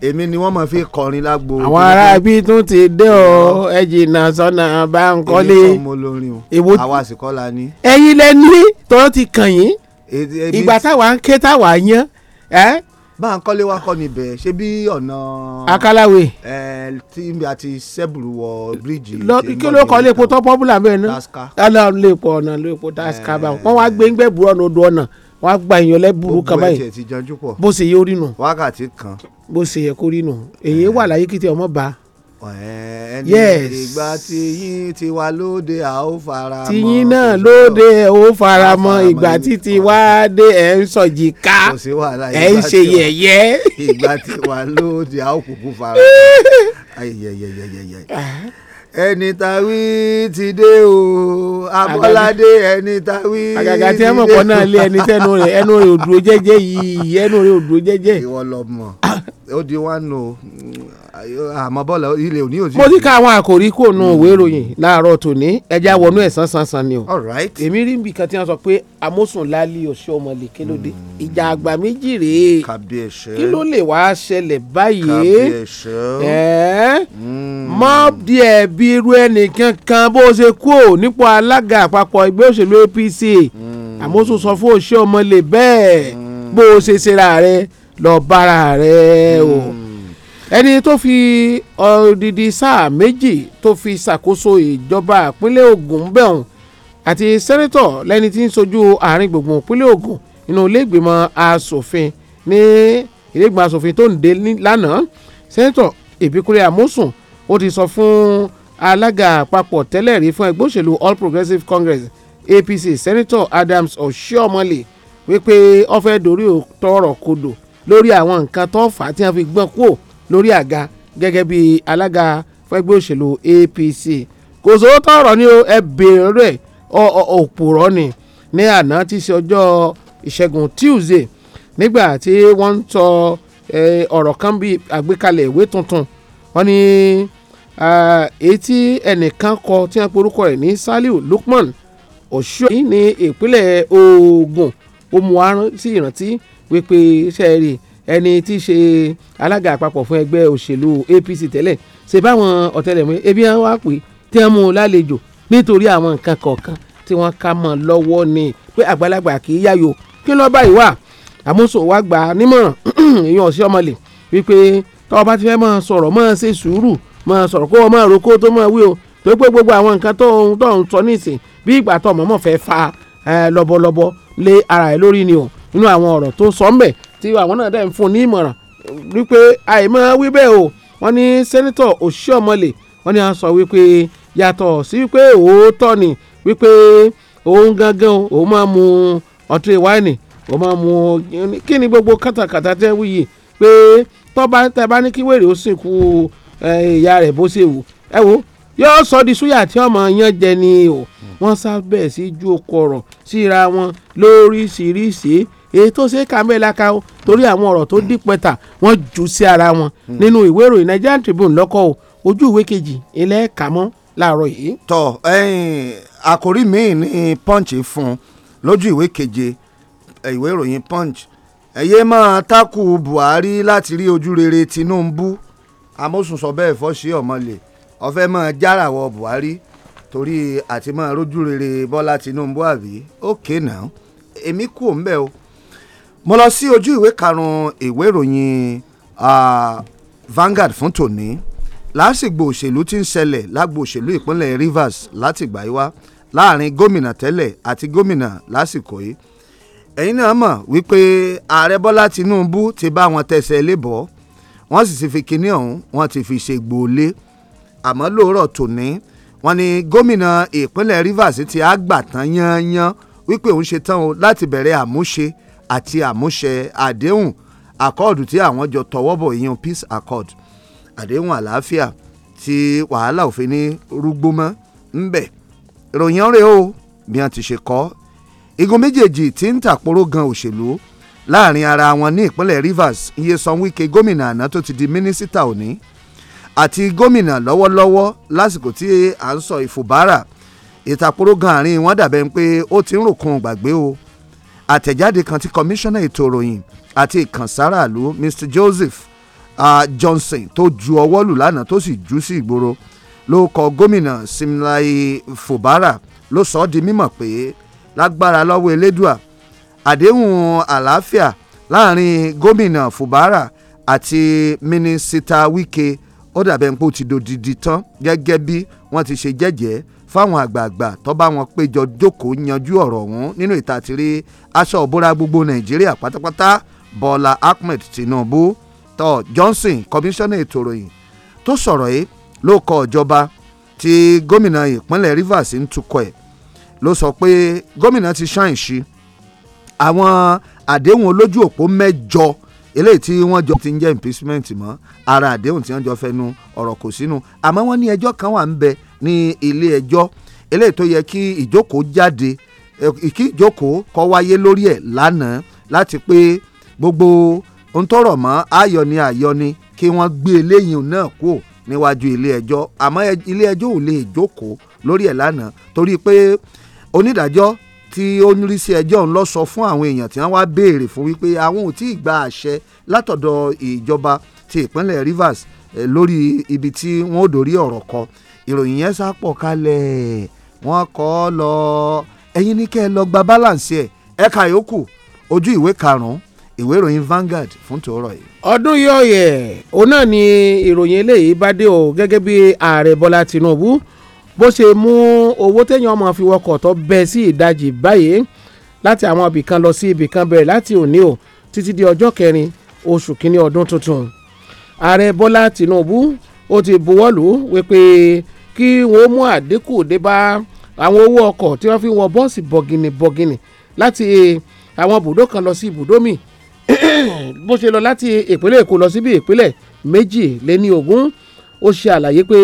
èmi ni wọ́n máa fi kọrin lágbo. àwọn ará àbí tún ti dé o ẹ̀jìnlẹ̀ sọ́nà bá ń kọ́lé. mo lórin o àwa sì kọ́ la ní. ẹ̀yin lẹ ní tọ́lọ́ ti kàn yín ìgbà táwa ń ké táwa yán Báńkọ́lé wa kọ́ níbẹ̀ ṣé bí ọ̀nà. Akálàwé. ẹ tí mi àti sẹ́bùrù wọ bíríìjì. lọ kí ló kọ́ lépo tó pọ́pùlà bẹ́ẹ̀ náà. taska. tálá lépo ọ̀nà lépo taska báwọn. wọ́n wá gbé ń gbẹ̀bù ọ̀nà odò ọ̀nà wọ́n á gba èèyàn lẹ́bùrú kan báyìí. bó ṣe yẹ kó rí nù. wákàtí kan. bó ṣe yẹ kó rí nù. èyí wà láyé kí tẹ ọmọ bá. Yes. ìgbà tiyín tiwa lóde a ó fara mọ́ tiyín náà lóde ó fara mọ́ ìgbà títí wá dé ẹ ń sọjì ká ẹ ń ṣe yẹ̀yẹ́. ìgbà tiwa lóde a ó kúkú fara ah. ẹni ta ti dé o abọ́ládé ẹni ta ti dé o. àgàgà tí ẹ mọ̀ pọ̀ náà lé ẹni tẹ́nu rẹ̀ ẹnu rẹ̀ òdúró jẹ́jẹ́ yìí ẹnu rẹ̀ òdúró jẹ́jẹ́. ìwọ lọ mọ̀. ó di wá nù àmọ́ bọ́ọ̀lù ilé òní òjì. mo ti ka àwọn àkòrí kò nu òwe ìròyìn láàárọ̀ tòní ẹja wọnú ẹ̀sán sansan ni o. èmi rí ibìkan tí wọ́n sọ pé amósùnlálí ọ̀ṣẹ́ kí ló dé hmm. ìjà àgbà méjì rèé kí ló lè wá ṣẹlẹ̀ báyìí mọ́ hmm. díẹ̀ bí irú ẹnìkan kan bó ṣe kú nípò alága àpapọ̀ ẹgbẹ́ òṣèlú APC àmósùn hmm. sọ fún ọ̀ṣẹ́ bẹ́ẹ̀ bó ṣe ṣe ra rẹ̀ lọ bára rẹ o hmm. ẹni tó fi odidi sáà méjì tó fi ṣàkóso ìjọba ìpínlẹ̀ Ògùn bẹ̀hùn àti sẹ́nẹ́tọ̀ lẹ́ni tí ń sojú àárín gbùngbùn ìpínlẹ̀ Ògùn nínú iléègbìmọ̀ asòfin ní iléègbìmọ̀ asòfin tó ń dé lánàá sẹ́nẹ́tọ̀ Ìbíkúnlé Amósùn ó ti sọ fún alága àpapọ̀ tẹ́lẹ̀ rí fún ẹgbẹ́ òṣèlú All Progressives Congress APC sẹ́nẹ́tọ̀ Adams Oshiomhole wípé ó fẹ́ dorí tọrọ kodò lórí àwọn nǹkan tó fà á tí wọ́n fi gbọ́n kúò lórí àga gẹ́gẹ́ bí alága fẹ́gbẹ́ òṣèlú APC kò sówó tọrọ ni o ẹ béèrè òpùrọ́ ni ní àná tí í ṣe ọjọ́ ìṣẹ́gun Tuesday nígbà tí wọ́n ń sọ ọ̀rọ̀ kan bí àgbékalẹ̀ ìwé tuntun wọ́n ní etí ẹnìkan kọ tí wọ́n porúkọ rẹ̀ ní Saliu Lukman Òṣùọ́yìn ní ìpínlẹ̀ Ògùn ó mú wa sí ìrántí wípé ṣe é rí ẹni tí í ṣe alága àpapọ̀ fún ẹgbẹ́ òṣèlú APC tẹ́lẹ̀ ṣe báwọn ọ̀tẹlẹ̀múyẹ́ ebi wọn wá pé tí wọn mú un lálejò nítorí àwọn nǹkan kọ̀ọ̀kan tí wọ́n ká mọ́ lọ́wọ́ ni pé àgbàlagbà kì í yáyò kí lọ́ọ́ báyìí wà àmúṣò wa gbà á nímọ̀ràn èèyàn ọ̀sẹ̀ ọmọlẹ̀ wípé tọ́wọ́ bá ti fẹ́ máa sọ̀rọ̀ máa ṣe sùúrù máa sọ̀rọ̀ kó máa roko tó máa wí o tó pé gbogbo àwọn nǹkan tó ń tó ń sọ nísìn bí ìgbà tó mọ̀mọ́ fẹ́ fa lọ́bọ̀lọ́bọ̀ lé ara ẹ̀ lórí ni o nínú àwọn ọ̀rọ̀ tó sọ ńbẹ̀ tí àwọn náà dẹ̀ ń fún ní ìmọ̀ràn wípé àìmọ́ wí bẹ́ẹ̀ o wọ́n ní sẹ́nitọ̀ Oshiomhole wọ́n ní a sọ wípé yàtọ̀ sí wípé òótọ́ ni wípé òun gangan òun máa mu ọtí wáìnì òun máa mu kí ni gbogbo kàtàkàtà tẹ́ wíyì pé tọ́ba tẹ́ bá ní kí wèrè ó sìnkú ìyá rẹ̀ bó ṣe wù ẹ wo yóò sọ di súyà tí ọmọ yẹn jẹ ni o wọ́n sábẹ̀ sí ju okòrò síra wọn lóríṣiríṣi. Si èyí tó ṣe é kà mẹ́la ka o torí àwọn ọ̀rọ̀ tó dípẹ́ta wọ́n jù sí ara wọn hmm. nínú ìwé ìròyìn Nigerian Tribune lọ́kọ̀ o ojú ìwé kejì ilẹ̀ kàmọ́ láàárọ̀ yìí. tọ àkòrí miín ní punch fún lójú ìwé keje ìwé ìròyìn punch ẹ̀yẹ́ máa takù Buhari láti rí ojú rere Tinubu amósùn sọ bẹ́ẹ̀ fọ́ sí ọ̀mọ́lẹ̀ ọ̀fẹ́ máa járawọ́ Buhari torí àti máa rójú rere Bọ́lá Tinubu àbí ó kéènà èmi kú òun bẹ́ẹ̀ o. Okay, mo lọ sí ojú ìwé karùn-ún ìwé ìròyìn Vanguard fún tòní lásìgbò òṣèlú tí ń ṣẹlẹ̀ lágbo òṣèlú ìpínlẹ̀ Rivers látìgbà yìí wá láàrin gómìnà tẹ́lẹ̀ àti gómìnà lásìkò yìí ẹ̀yin náà mọ̀ wípé ààrẹ Bọ́lá Tinubu ti bá wọn tẹsẹ̀ lébọ̀ wọ́n sì ti fi kinní ọ̀hún wọ́n ti fi ṣe gbòòlé àmọ́ lóòrọ̀ tòní wọ́n ní gómìnà ìpínlẹ̀ Rivers ti àgbà tán yányán wípé òun ṣe tán o láti bẹ̀rẹ̀ àmúṣe àti àmúṣe àdéhùn àkọọ̀dù tí àwọn jọ tọwọ́ bọ̀ ìyẹn peace accord àdéhùn àlàáfíà tí wàhálà òfin ní rúgbó mọ́ ńbẹ̀ ìròyìn ọ̀rẹ́ o bí wọ́n ti ṣe kọ́ igun méjèèjì tí ń tàpóró gan òṣèlú láàrin ara wọn ní ìpínlẹ̀ Rivers Nyesom Wike gómìnà àná tó ti di mínísítà òní àti gómìnà lọ́wọ́lọ́wọ́ lásìkò tí à ń sọ ìfòbárà ìtàpóró gan àárín wọn dàbẹ̀ ń pé ó ti ń rò kan gbàgbé o àtẹ̀jáde kan tí kọmíṣánná ètò ìròyìn àti ìkànsáraàlú Mr Joseph uh, Johnson tó ju ọwọ́ lù lánàá tó sì jù sí ìgboro ló kọ gómìnà Simlai Fubara ló sọ ọ́ di mímọ̀ pé lágbára lọ́wọ́ elédùà àdéhùn àlàáfíà láàrin gómìnà Fubara àti mínísítà Wike ó dàbẹ̀ ń pò ti dòdìdì tán gẹ́gẹ́ bí wọ́n ti ṣe jẹ́jẹ́ fáwọn àgbààgbà tó bá wọn péjọ jókòó yanjú ọ̀rọ̀ ọ̀hún nínú ìtàtírí aṣọ òbúra gbogbo nàìjíríà pátápátá bọ́lá ahmed tinubu tó johnson kọmíṣánná ètò ìròyìn tó sọ̀rọ̀ yìí ló kọ ìjọba tí gómìnà ìpínlẹ̀ rivers ń tukọ̀ ẹ̀ ló sọ pé gómìnà ti ṣàn ìṣí àwọn àdéhùn olójú òpó mẹ́jọ eléyìí tí wọ́n jọ ti ń jẹ́ impeachment mọ́ ara àdéhùn tí wọ́n jọ fẹnu ọ̀rọ̀ kò sínú àmọ́ wọ́n ní ẹjọ́ kan wà ń bẹ ní ilé ẹjọ́ eléyìí tó yẹ kí ìjókòó jáde kí ìjókòó kó wáyé lórí ẹ̀ lánàá láti pé gbogbo ohun tó rọ̀ mọ́ àyọni àyọni kí wọ́n gbé eléyìí náà kúrò níwájú ilé ẹjọ́ àmọ́ ilé ẹjọ́ ò lè jókòó lórí ẹ̀ lánàá torí pé onídàájọ́ tí ó ń rí sí ẹjọ́ ń lọ sọ fún àwọn èèyàn tí wọ́n wá béèrè fún wípé àwọn ò tí ì gba àṣẹ látọ̀dọ̀ ìjọba ti ìpínlẹ̀ Rivers lórí ibi tí wọ́n ó dórí ọ̀rọ̀ kọ ìròyìn yẹn sá pọ̀ kalẹ̀ wọ́n kọ́ ọ lọ ẹ̀yin ní kẹ́ ẹ lọ gba balance ẹ̀ ẹ̀ka yòókù ojú ìwé karùn-ún ìwé ìròyìn Vanguard fún tòórọ̀ yìí. ọdún yọ̀ọ̀yẹ̀ òun náà ni ìròyìn eléyìí bá dé o gẹ́gẹ́ bí ààrẹ Bọ́lá Tinubu bó ṣe mú owó téèyàn ọmọ fi wọkọ̀ tó bẹ́ sí ìdajì báyìí láti àwọn ibìkan lọ sí ibìkan bẹ̀rẹ̀ láti òní o títí di ọjọ́ kẹrin oṣù kínní ọdún tuntun ààrẹ Bọ́lá Tinubu ó ti buwọ́lù wípé kí wọ́n mú àdínkù dé bá àwọn owó ọkọ̀ tí wọ́n fi wọ bọ́ọ̀sì bọ̀gìnì bọ̀gìnì láti eh, àwọn ibùdó kan lọ sí ibùdó mi. bó ṣe lọ láti ìpínlẹ̀ èkó lọ síbi ìpínlẹ̀ méjì lé ní ogún ó ṣe àlàyé pé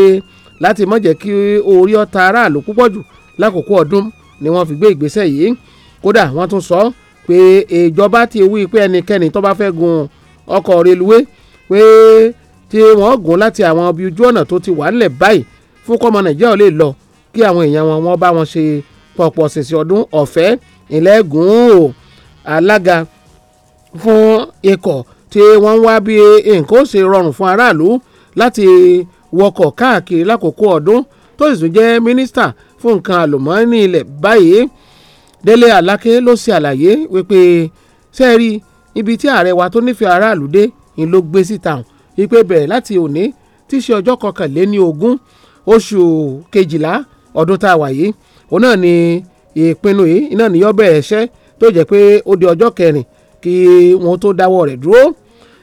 láti má jẹ́ kí orí ọ̀tá aráàlú púpọ̀ jù lákòókò ọdún ni wọ́n fi gbé ìgbésẹ̀ yìí kódà wọ́n tún sọ pé ìjọba ti wí pé ẹnikẹ́ni tó bá fẹ́ gun ọkọ̀ reluwé pé tí wọ́n gùn láti àwọn ibi ojú ọ̀nà tó ti wà nílẹ̀ báyìí fún kọ́mọ nàìjíríà ò lè lọ kí àwọn èèyàn wọn wọ́n bá wọn ṣe pọ̀pọ̀ ṣèṣì ọdún ọ̀fẹ́ ìlẹ́gùn o alága fún ikọ̀ tí wọ́n ń wá bí nǹkan ó ṣe rọrùn fún aráàlú láti wọkọ̀ káàkiri lákòókò ọdún tó sì tún jẹ́ mínísítà fún nǹkan àlùmọ́ọ́nì ilẹ̀ báyìí Délé Aláké ló ṣe àlàyé wípé sẹ́ẹ̀rí ibi tí ààrẹ wa tó nífẹ̀ẹ́ aráàlú dé ni ló gbé síta wípé bẹ̀rẹ̀ láti òní tí í ṣe ọjọ́ kọkànléní ogún oṣù kejìlá ọdún tá a wà yìí òun náà ni ìpinnu yìí iná ni yọ bẹ̀rẹ̀ iṣẹ́ tó jẹ́ pé ó di ọjọ́ kẹrin kí wọ́n tó dáwọ́ rẹ̀ dúró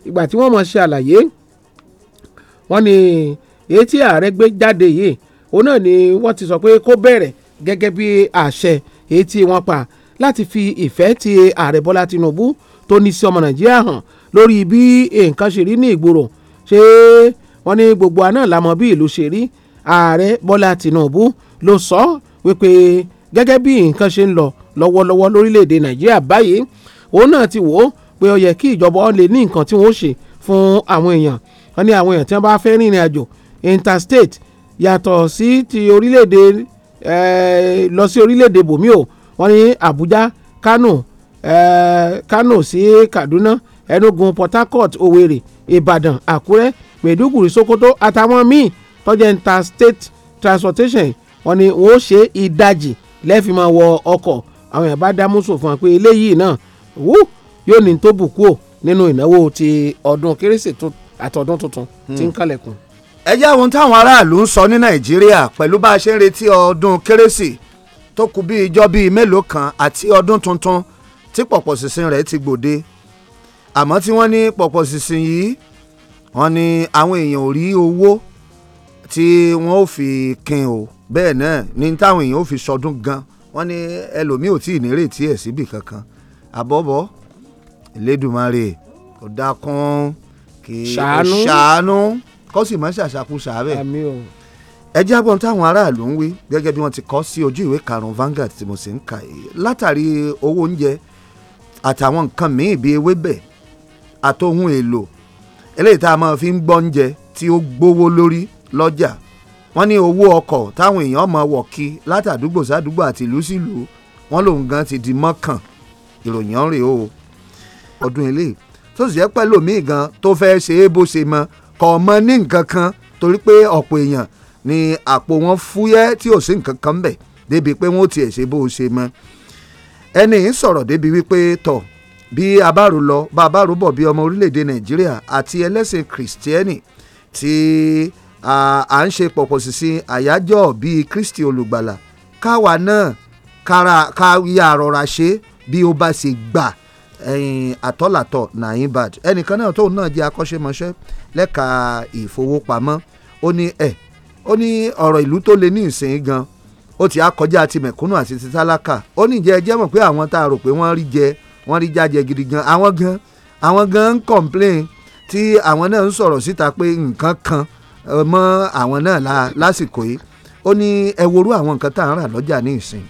ìgbà tí wọ́n mọ̀ ṣe àlàyé wọ́n ní èyí tí ààrẹ gbé jáde yìí òun náà ni wọ́n ti sọ pé kó bẹ̀rẹ̀ gẹ́gẹ́ bí àṣẹ èyí tí wọ́n pa láti fi ìfẹ́ ti ààrẹ bọ́lá tinubu tó ní sí ọmọ nàìjíríà hàn lórí bí nǹkan ṣe rí ní ìgboro ṣé wọ́n ní gbogbo àná làmọ́ bí ìlú ṣe rí ààrẹ bọ́lá tìǹbù ló sọ wípé gẹ́gẹ́ bí nǹkan ṣe ń lọ lọ́wọ́lọ́wọ́ lórílẹ̀‐èdè nàìjíríà báyìí òun náà ti wò ó pé ó yẹ kí ìjọba lè ní nǹkan tí wọ́n ṣe fún àwọn èèyàn wọ́n ní àwọn èèyàn tí wọ́n bá fẹ́ rìnrìn àjò interstate yàtọ̀ sí ti orílẹ̀‐èdè lọ sí orílẹ̀‐èdè bòmí o wọ́n ní àbújá kano kano sí kaduna enugu port harcourt owerri ìbàdàn àkúrẹ́ maiduguri sokoto àtàwọn míì tọ́jẹ́ interstate transportation wọn ni wọ́n ṣe ìdajì lẹ́fìmọ̀ wọ ọkọ̀ àwọn yẹn bá dámú sùn fún wa pé eléyìí náà wú yóò ní tó bù kúò nínú ìnáwó ti ọdún kérésì àtọ̀dún tuntun tí ń hmm. kálẹ̀kùn. ẹ jẹ́ àwọn táwọn aráàlú ń sọ ní nàìjíríà pẹ̀lú bá a ṣe ń retí ọdún kérésì tó kù bí ijọ́ bíi mélòó kan àti ọdún tuntun tí pọ̀pọ̀ sísìn rẹ̀ ti gbòde àmọ́ tí wọ́n ní pọ̀pọ̀ sísìn yìí wọ́n ní àwọn èèyàn ò rí owó tí wọ́n ò fi kin o bẹ́ẹ̀ náà ní táwọn èèyàn ò fi sọdún gan wọ́n ní ẹlòmíì ò tí ì nírètí ẹ̀ síbì kankan àbọ̀bọ̀ Elédùmarè kò dákun kì í ṣàánú kó sì máa ṣàṣàkú ṣàárẹ̀ ẹ jágbọ́n táwọn aráàlú ń wí gẹ́gẹ́ bí wọ́n ti kọ sí ojú ìwé karùn-ún Vanguard tí mo sì ń kà yìí látàrí owó oúnjẹ àtàwọn nǹkan míì bíi ewébẹ̀ àtohun èlò eléyìí tá a máa fi ń gbọ́ oúnjẹ tí ó gbówó lórí lọ́jà wọ́n ní owó ọkọ̀ táwọn èèyàn mọ̀ wọ̀ kí látàdúgbò sádúgbò àti ìlú sílùú wọ́n lòun gan ti di mọ́kàn ìròyìn ọ̀rẹ́ o ọdún eléyìí tó sì jẹ́ pẹ̀lú mi gan tó fẹ́ ṣe é bó ṣe mọ kọ̀ mọ ní nǹkan kan torí pé ọ̀pọ̀ èèyàn ni àpò wọn fúyẹ́ tí ò sí nǹkan kan bẹ̀ débi pé wọ́n ó tiẹ̀ ṣe bó ṣe mọ ẹni yìí sọ̀rọ̀ débi wípé tọ̀ bí abáru lọ bá abáru bọ̀ bí ọmọ orílẹ̀-èdè nàìjíríà àti ẹlẹ́sìn kìrìsìtẹ́nì tí à ń ṣe pọ̀pọ̀ sísìn àyájọ́ bíi Kristi olùgbàlà káwa náà ká yà rọra ṣe bí ó bá ṣe gbà àtọ́làtọ̀ nàìjíríà bad ẹnìkan náà tóun náà jẹ́ akọ́ṣẹ́mọṣẹ́ lẹ́ka ìfowópamọ́ ó ní ẹ̀ ó ní ọ̀rọ̀ ìlú tó le ní ìsìn gan ó ti akọjá ti mẹ̀kúnnù àti ti tálákà ó ní jẹ́ jẹ́ mọ̀ pé àwọn tá a rò pé wọ́n rí jẹ wọ́n rí jájẹ gidi gan àwọn gan àwọn gan ń complain tí àwọn náà ń sọ̀rọ̀ síta pé nǹkan kan mọ́ àwọn náà lásìkò yìí ó ní ẹ worú àwọn nǹkan tá à ń rà lọ́jà ní ìsìn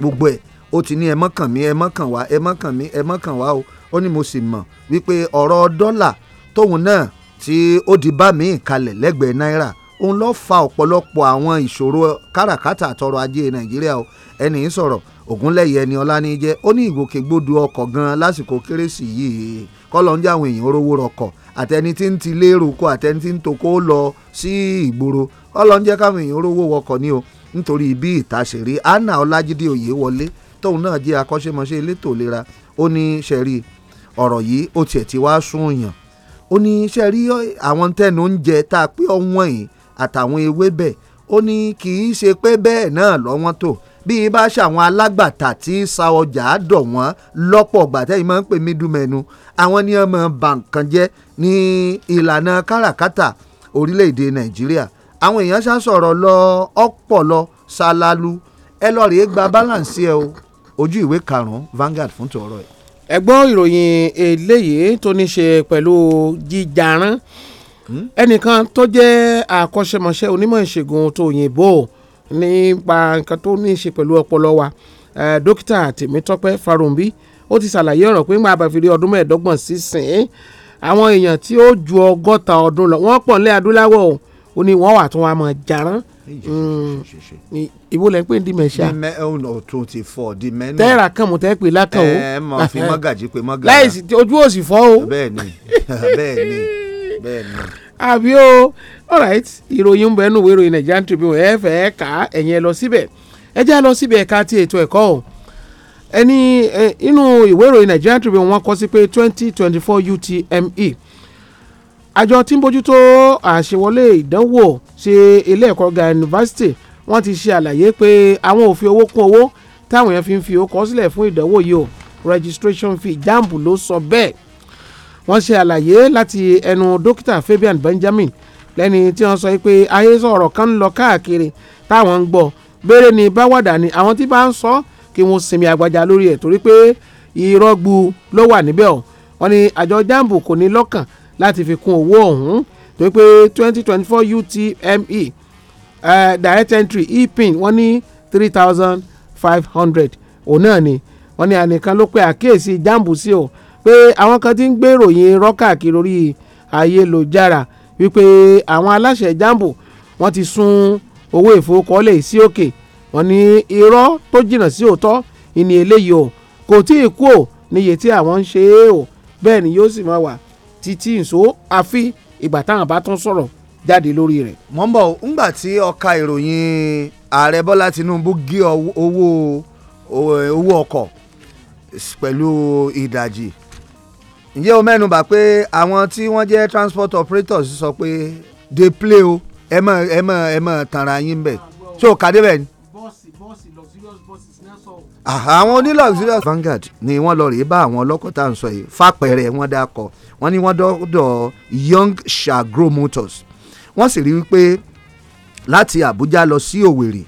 gbogbo ẹ̀ ó ti ní ẹ má kàn mí ẹ má kàn wá ẹ má kàn mí ẹ má wá o ó ní mo sì mọ̀ wípé ọ̀rọ̀ dọ́là tóun náà tí ó di bá mi ìkalẹ̀ lẹ́gbẹ̀ẹ́ náírà òun ló fa ọ̀pọ̀lọpọ̀ àwọn ìṣòro káràkátà àtọrọ̀ ajé nàìjíríà o ẹnì ń sọ̀rọ̀ ògúnlẹ̀yẹ ni ọlá ní jẹ́ ó ní ìgbòkègbodò ọkọ̀ gan lásìkò kérésì yìí kọ́lọ́n jẹ́ àwọn èèyàn rówó rọkọ̀ àtẹni tí ń ti lérò kó àtẹni tí ń to kó lọ sí ìgboro kọ́lọ́n jẹ́ káwọn èèyàn rówó wọkọ̀ ni o nítorí bí ìta ṣe rí anna ọlájídé oyèwọlé tóun náà jẹ́ akọ́ṣẹ́mọṣẹ́ elétò ìlera ó ní rí ọ̀rọ̀ yìí ó tiẹ̀ ti wá sún yàn ó ní ṣẹ̀rí àwọn tẹnu ń jẹ tá a pé ọ̀wọ́n yìí àtàwọn ewébẹ̀ ó ní kì í ṣe pé bẹ́ẹ̀ náà lọ́wọ́n tó bí bá ṣàwọn alágbàtà tí sa ọjà dọ̀ wọ́n lọ́pọ̀ gbàtẹ́yìn máa ń pè mídùmẹ̀nu àwọn ni wọ́n máa bà nǹkan jẹ́ ní ìlànà káràkátà orílẹ̀-èdè nàìjíríà àwọn èèyàn ṣá sọ̀rọ̀ lọ ọ̀pọ̀lọ ṣalalu ẹ lọ rèé gba balance ẹ o ojú ìwé karùn-ún Vanguard fún tòórọ́ ẹ. ẹ gbọ́ ìròyìn eléyìí tó ní ṣe pẹ̀lú jíjarán hmm? ẹnìkan tó jẹ́ àkọ́ṣẹ́mọṣẹ́ onímọ̀ ìṣègùn tó yìnbó nípa nǹkan tó ní í ṣe pẹ̀lú ọpọlọ wa dókítà Tèmítọ́pẹ́ Fárúnbí ó ti ṣàlàyé ọ̀rọ̀ pé nígbà àbàfìrí ọdún mẹ́ẹ̀ẹ́dọ́gbọ̀n sísìn àwọn èèyàn tí ó ju ọgọ́ta ọdún lọ wọ́n pọ̀ lé adúláwọ̀ o ó ní wọ́n wà tún wá mọ̀ jarán ìwọ lẹ pé dìmẹ̀ṣà oh tẹ́ra kan mo tẹ́ pé látọ̀ o ẹ mọ̀ ojú òsì fọ́ o bẹ́ẹ̀ ni bẹ́ẹ̀ ni bẹ́ẹ̀ ni àbí o right. ìròyìn ń bọ ẹnu ìwé ìròyìn Nigerian Tribune ẹ fẹ́ ká ẹ̀yìn ẹ lọ síbẹ̀ ẹ já lọ síbẹ̀ ẹ̀ka ti ètò ẹ̀kọ́ o ẹni inú ìwé ìròyìn Nigerian Tribune wọ́n kọ sí pé twenty twenty four UTME àjọ tí ń bójútó àṣewọlé ìdánwò ṣe ilé ẹ̀kọ́ ga yunifásitì wọ́n ti ṣe àlàyé pé àwọn ò fi owó kún owó táwọn yẹn fi ń fi owó kọ sílẹ̀ fún ìdánwò yìí o registration fee jamb ló sọ bẹ́ẹ̀ wọ́n ṣe àlàyé láti ẹnu dókítà Fabian Benjamin lẹ́ni tí wọ́n sọ pé àhesọ ọ̀rọ̀ kan ń lọ káàkiri táwọn ń gbọ́ béèrè ní báwàdà ni àwọn tí bá ń sọ kí wọ́n sinmi àgbàjà lórí ẹ̀ torí pé ìrọ́gbu ló wà níbẹ̀ o wọ́n ní àjọ jambu kò ní lọ́kàn láti fi kún owó ọ̀hún torí pé twenty twenty four UTME uh, direct entry epin wọ́n ní three thousand five hundred òun náà ni wọ́n ní ànìkan ló pe àkíyèsí jambu sí o pé àwọn kan ti ń gbé ìròyìn irọ́ káàkiri orí ayélujára wípé àwọn aláṣẹ jambo wọ́n ti sún owó ìfowókọ́lẹ̀ sí òkè wọ́n ní irọ́ tó jìnnà sí òótọ́ ìní eléyìí o kò tí ì kú o níye tí àwọn ń ṣe é o bẹ́ẹ̀ ni yóò sì máa wà títí ìṣó àfi ìgbà táwọn bá tún sọ̀rọ̀ jáde lórí rẹ̀. mọ̀ ń bọ̀ ńgbà tí ọ̀ka ìròyìn ààrẹ bọ́lá tinubu gé owó ọkọ̀ pẹ̀lú ìdajì ǹjẹ́ o mẹ́nubà pé àwọn tí wọ́n jẹ́ transport operators sọ pé dey play o ẹ mọ̀ ẹ mọ̀ ẹ mọ̀ tànra yín bẹ̀ ṣé o kà débẹ̀ ni. bọ́ọ̀sì bọ́ọ̀sì luxurious buses náà sọ. àwọn oní luxurious Vanguard ni wọ́n lọ rèé bá àwọn ọlọ́kọ̀ tá à ń sọ yìí fàpẹ̀rẹ̀ wọ́n dákọ̀ wọ́n ní wọ́n dọ́dọ̀ Young Shagro Motors wọ́n sì rí i pé láti Àbújá lọ sí Òwèrè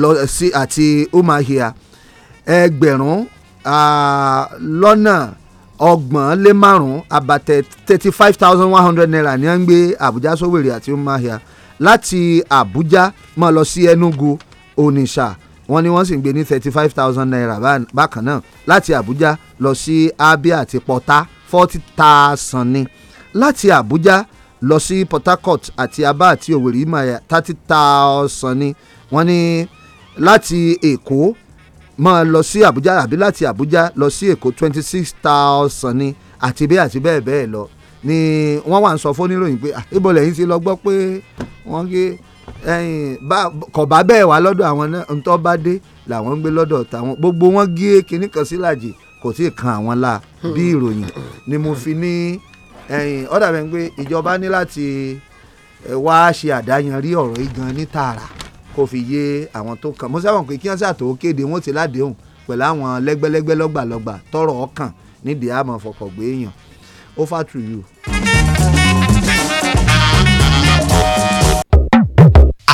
lọ sí àti Umahia ẹgbẹ̀rún lọ́nà ọgbọ̀n lé márùn-ún àbàtẹ thirty five thousand one hundred naira ní à ń gbé Àbújá Sówèrè àti Umuahia láti Àbújá máa lọ sí Enugu onisha. wọ́n ní wọ́n sì ń gbé ní thirty five thousand naira bákan náà láti Àbújá lọ sí Abia àti Pọ̀tá forty thousand ni láti Àbújá lọ sí Port Harcourt àti Aba àti Owerri Umuahia thirty thousand ni wọ́n ní láti Èkó máa lọ sí Àbújá àbí láti Àbújá lọ sí Èkó twenty six thousand ni àti bẹ́ẹ̀ àti bẹ́ẹ̀ bẹ́ẹ̀ lọ ni wọ́n wà ń sọ fún oníròyìn pé ibo lẹ́yìn ti lọ gbọ́ pé wọ́n gé kò bá bẹ́ẹ̀ wá lọ́dọ̀ àwọn náà ntọ́ bá dé làwọn ń gbé lọ́dọ̀ tàwọn gbogbo wọn gé kinní kan sí làjì kò tí ì kan àwọn la bí ìròyìn ni mo fi ní ọ̀dà bẹ́ẹ̀ pé ìjọba ní láti wá ṣe àdáyanrí ọ̀rọ̀ yìí ní tààrà kó fi yé àwọn tó kàn mo sábà pé kí wọ́n ṣàtò kéde wọ́n ti ládéhùn pẹ̀lú àwọn lẹ́gbẹ́lẹ́gbẹ́ lọ́gbàlọ́gbà tọrọ ọkàn nídìí àmọ́ fọkàn gbé èèyàn over to you.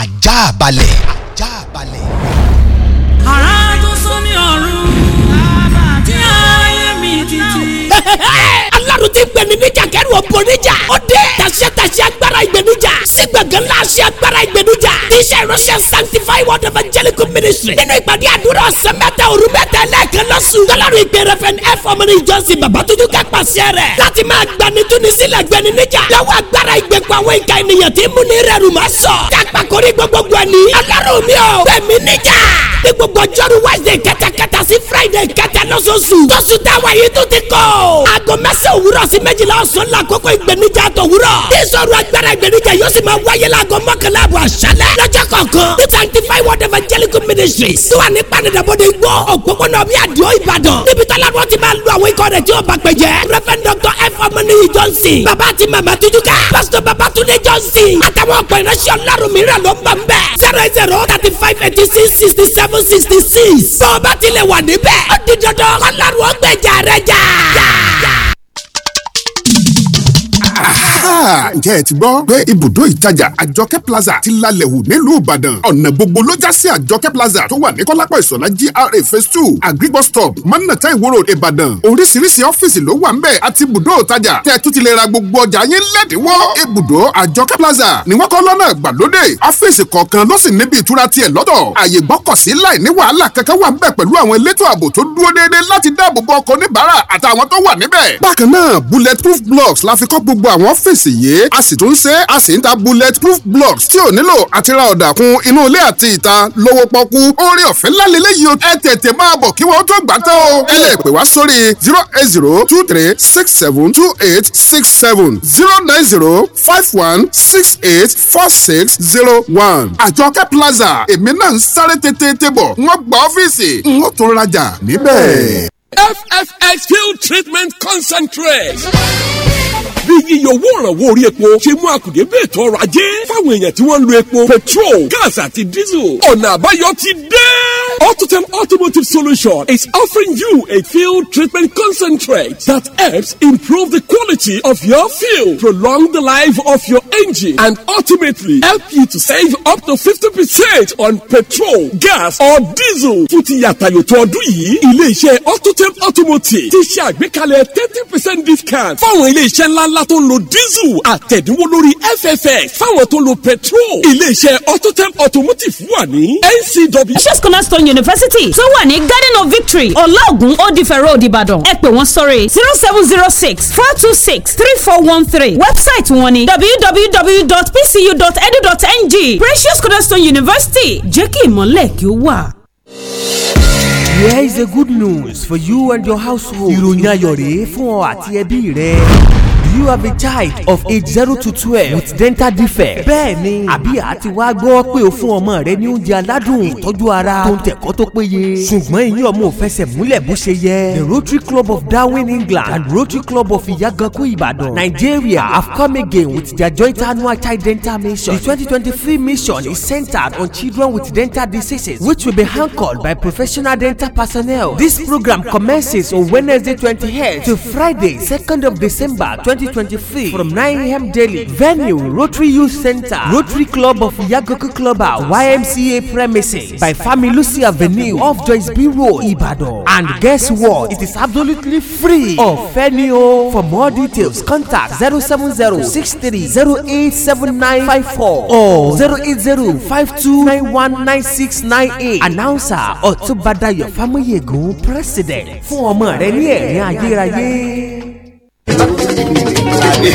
ajá balẹ̀. ti gbẹ̀míníjà kẹ́rù òbóníjà ó dé tàṣẹ́tàṣẹ́ agbára ìgbẹ̀nujà sí gbẹ̀gẹ́ ńlá ṣe agbára ìgbẹ̀nujà tíṣẹ́ ìránṣẹ́ sanctify word evangelical ministry nínú ìpàdé àdúrà ọ̀sẹ̀ mẹ́ta òru mẹ́ta ẹlẹ́ẹ̀kan lọ́sùn tọ́lárù ìgbẹ́ rẹ̀fẹ̀n f ọmọdé ìjọsìn babatunjú kápásẹ̀ rẹ̀ láti máa gbani túni sílẹ̀ gbẹni níjà lọ́wọ́ agbára ìgbẹ́pọ̀ àwọn ìka ènìyàn tí múni rẹ̀ rù máa sọ. dàgbà korí gbogbogbò ẹni ọlọ́run gbẹ̀mí ní gbogbo ọjọ́rú wednesday kẹtàkẹtà sí friday kẹtà lọ́sọ̀ọ̀sù tọ́sù táwa yìí tún ti kọ́. aago mẹ́sàn-án òwúrọ̀ sí méjìlá ọ̀sán lákòókò ìgbẹ́nijà tó wúrọ̀. tíṣọ̀rù agbára ìgbẹ́nijà yóò sì máa wáyé láago mọ́kànlá àbọ̀ àṣálẹ̀. lọ́jọ́ kọ̀ọ̀kan two twenty five world evangelical ministries tó wà ní panadabode igbó òpópónà bí àdìo ìbàdàn. níbi tọ́lárọ̀ ti máa lu àwọn ikọ̀ rẹ̀ tí ó bá pẹ̀jẹ́. reverend doctor f ọmọnìyí johnson bàbá àti màmá tujuka pastor babatunde johnson àtàwọn ọ̀pọ̀ ìránṣẹ́ ọlọ́run mìíràn ló ń bọ̀ ń bẹ̀. zero zero thirty five eighty six sixty seven seven sixty six. tó o bá tilẹ̀ wà níbẹ̀ ó di dandan kọ́ńtà ló ń gbèjà rẹ̀ jà. jà, jà. Ah, ǹjẹ́ ẹ ti gbọ́ pé ibùdó ìtajà àjọkẹ́ plaza ti lálẹ́ hù nílùú ìbàdàn ọ̀nà gbogbo ló já sí àjọkẹ́ plaza tó wà ní kọ́lápọ̀ ìsọ̀lá GRA phase two agribus stop manata ìwòrò ìbàdàn oríṣiríṣi ọ́fíìsì ló wà ń bẹ̀ àti ibùdó ìtajà tẹ́ tún ti lè ra gbogbo ọjà yín lẹ́dínwó ibùdó àjọkẹ́ plaza ni wọ́n kọ́ lọ́nà ìgbàlódé ọ́fíìsì kọ̀ọ̀kan ló sì níbi ìtura tiẹ̀ lọ́dọ̀ àyè gbọ́kọ̀sí láì ní wàhálà kankan wà ń bẹ̀ pẹ̀lú àwọn elétò ààbò tó dúró déédéé láti dáàbò bo ọkọ̀ oníbàárà àtàwọn tó wà níbẹ̀. bulletproof blocks la fi kọ́ fèsì a sì tún ṣe a sì ń ta bullet proof blocks tí ò nílò àti ra ọ̀dà kun inú ilé àti ìta lówó pọ́kú orí ọ̀fẹ́ lálẹ́lẹ́ yìí ẹ tètè máa bọ̀ kí wọ́n tó gbà tán o ẹ lè pè wá sórí zero eight zero two three six seven two eight six seven zero nine zero five one six eight four six zero one àjọkẹ́ plaza èmi náà ń sáré tètè bọ̀ wọ́n gba ọ́fíìsì n ó tún rajà níbẹ̀. FFX Field Treatment Concentrate yíyọ owó ìrànwọ́ orí epo ṣe mú àkùdé bẹ́ẹ̀ tọ́ ajé fáwọn èèyàn tí wọ́n ń lo epo petrol gáàsì àti dísù ọ̀nà àbáyọ ti dé Autotem Automotive Solution is offering you a fuel treatment concentrate that helps improve the quality of your fuel, prolong the life of your engine, and ultimately help you to save up to 50% on petrol, gas, or diesel. Fún ti yàtàyò tó ọdún yìí, ilé-iṣẹ́ Autotem Automotive ti ṣe àgbékalẹ̀ thirty percent discount fáwọn ilé-iṣẹ́ ńláńlá tó ń lo diesel àtẹ̀dínwó lórí FFX fáwọn tó ń lo petrol. Ilé-iṣẹ́ Autotem Automotive wà ní NCW. Ẹ̀ṣẹ́ Scholar Stone university tó wà ní garden of victory ọlọ́ọ̀gùn òdìfẹ́ road ìbàdàn ẹ pè wọ́n sórí zero seven zero six four two six three four one three website wọn ni www.pcu.edu.ng precious cornerstone university jẹ́ kí ìmọ̀lẹ̀ kí ó wà. Here is a good news for you and your household. Ìròyìn ayọ̀ rèé fún ọ àti ẹbí rẹ you have a child of age zero to twelve with dental defect. bẹ́ẹ̀ni àbí a ti wá gbọ́ pé o fún ọmọ rẹ ní oúnjẹ aládùn ìtọ́jú ara tó ń tẹ̀kọ́ tó péye. ṣùgbọ́n ìyín ọmọ ò fẹsẹ̀ múlẹ̀ bó ṣe yẹ. the Rotary Club of Darwin, England and Rotary Club of Iyaganku, Ibadan, Nigeria have come again with their joint annual child dental mission. The 2023 mission is centered on children with dental diseases which will be handled by professional dental personnel. This program commences on Wednesday 28th to Friday 2nd of December 2023. 2023 from 9am daily. Venue Rotary Youth Center, Rotary Club of Yagoku Clubhouse, YMCA premises by Family Lucia Venue, off Joyce B Road, Ibadan. And guess what? It is absolutely free of any o. For more details, contact 07063087954 or 08052919698. Announcer Ọ̀túnbádáyọ̀ Fámúyègún President fún ọmọ rẹ ní ẹ̀rín ilé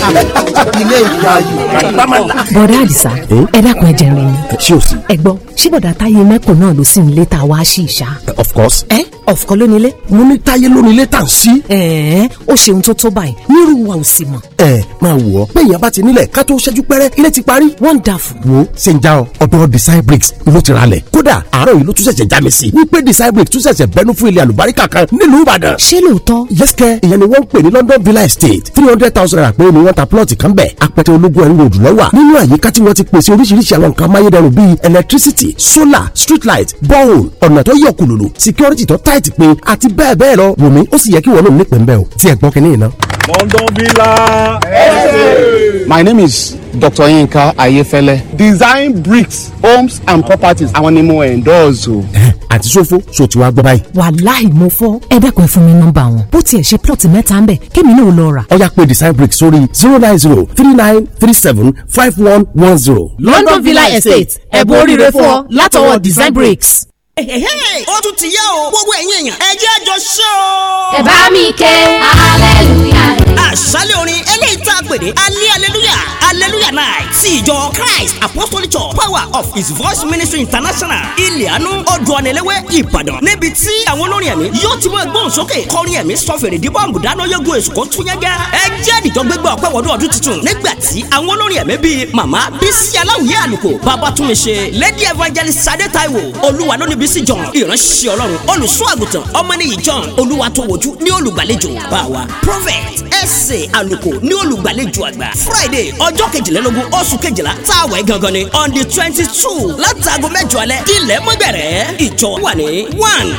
ìwà yìí. bọ̀dá àdìsá ẹ dákun ẹ̀jẹ̀ rẹ̀ ni. ṣé o sì. ẹ gbọ́ ṣé bọ̀dá táyé mẹ́kùn náà ló sì ń lé ta wá sí ìṣá. of course. ẹ ọ̀fọ̀ lónílé. mo ní táyé lónílé tà ń sí. ẹ ẹ ó ṣe ohun tó tó báyìí nírú wa ò sì mọ. ẹ máa wọ pé ìyá ti nílẹ̀ ká tó ṣẹ́jú pẹ́rẹ́ ilé ti parí. wonderful. wo ṣe ń já ọ ọ̀dọ̀ design bricks ló ti ralẹ̀ kódà àárọ̀ yìí ló tún ṣẹ̀ṣẹ̀ já mi sí. wípé design bricks tún ṣẹ̀ṣẹ̀ bẹnu fún ilé àlùbáríkà kan nílùú Ìbàdàn. ṣé lóòótọ́. yẹ́sìkẹ́ ìyẹn ni wọ́n pè ní London Villa Estate three hundred thousand naira pé ni wọ́n ta plọ́ọ̀tì kan bẹ̀ apẹtẹ ológun ẹ̀rú òdù lọ́wà nínú àyíká tí wọ́n ti pèsè oríṣiríṣi àwọn nǹkan electricity solar street light borehole ọ̀nà tó yọkùlùlù security tó wẹ́bsáìtì pé àti bẹ́ẹ̀ bẹ́ẹ̀ lọ wò ó sì yẹ kí wọ́n lòun nípìn bẹ́ẹ̀ o tí ẹ̀ gbọ́n kínní yìí London Villa Estate. My name is Dr. Yinka Ayefele. Design bricks, homes and properties. Àwọn ni mo endorse o. Àti ṣòfò ṣò tí wàá gbọ́ báyìí. Wàláì mo fọ́. Ẹ dẹ́kun fún mi nọ́mbà wọn. Bó tiẹ̀ ṣe plọ̀tì mẹ́ta ń bẹ̀, kémi náà lọ rà. Ó pé Design bricks sórí zero nine zero three nine three seven five one one zero. London Villa Estate, ẹ̀bùn oríire fún ọ látọwọ́ Design bricks ó tún ti yá o gbogbo ẹ̀yin èèyàn ẹ jẹ́ àjọ ṣó. ẹ bá mi ké hallelujah. àṣálẹ̀ orin eléyìí tá a pè ní alẹ́ hallelujah hallelujah night sí ìjọ christ apostolic church power of his voice ministry international ìlẹ̀ánú ọdún ọ̀nẹ́lẹ́wẹ́ ìbàdàn níbi tí àwọn olórin ẹ̀mí yóò ti mọ ẹgbọ́n sókè kọrin ẹ̀mí sọfèrè dí bọ́ǹbù dáná yógun èsù kó tún yẹn gẹ́. ẹ jẹ́ ìjọ gbégbé ọpẹ́ wọ́dún ọdún tuntun nígbà tí àwọn olórin ẹ̀mí bíi màmá bísí aláwìyé àlùkò babatunmi ṣe lady evangelist sadé taiwo olúwa lónìí bísí john ìránṣẹ́ ọlọ́run olùṣọ́ àgùntàn ọmọnìyí john olúwa tó wojú ní olùgbàlejò bá wa prophet ẹsẹ̀ àlùkò ní olùgbàlejò àgbà friday ọjọ́ kejìlélógún oṣù kejìlá tá a wà ẹ́ gangan ni on the twenty two látàgọ́ mẹ́jọ alẹ́ ilẹ̀ mọ́gbẹ̀rẹ́ ìjọ wà ní one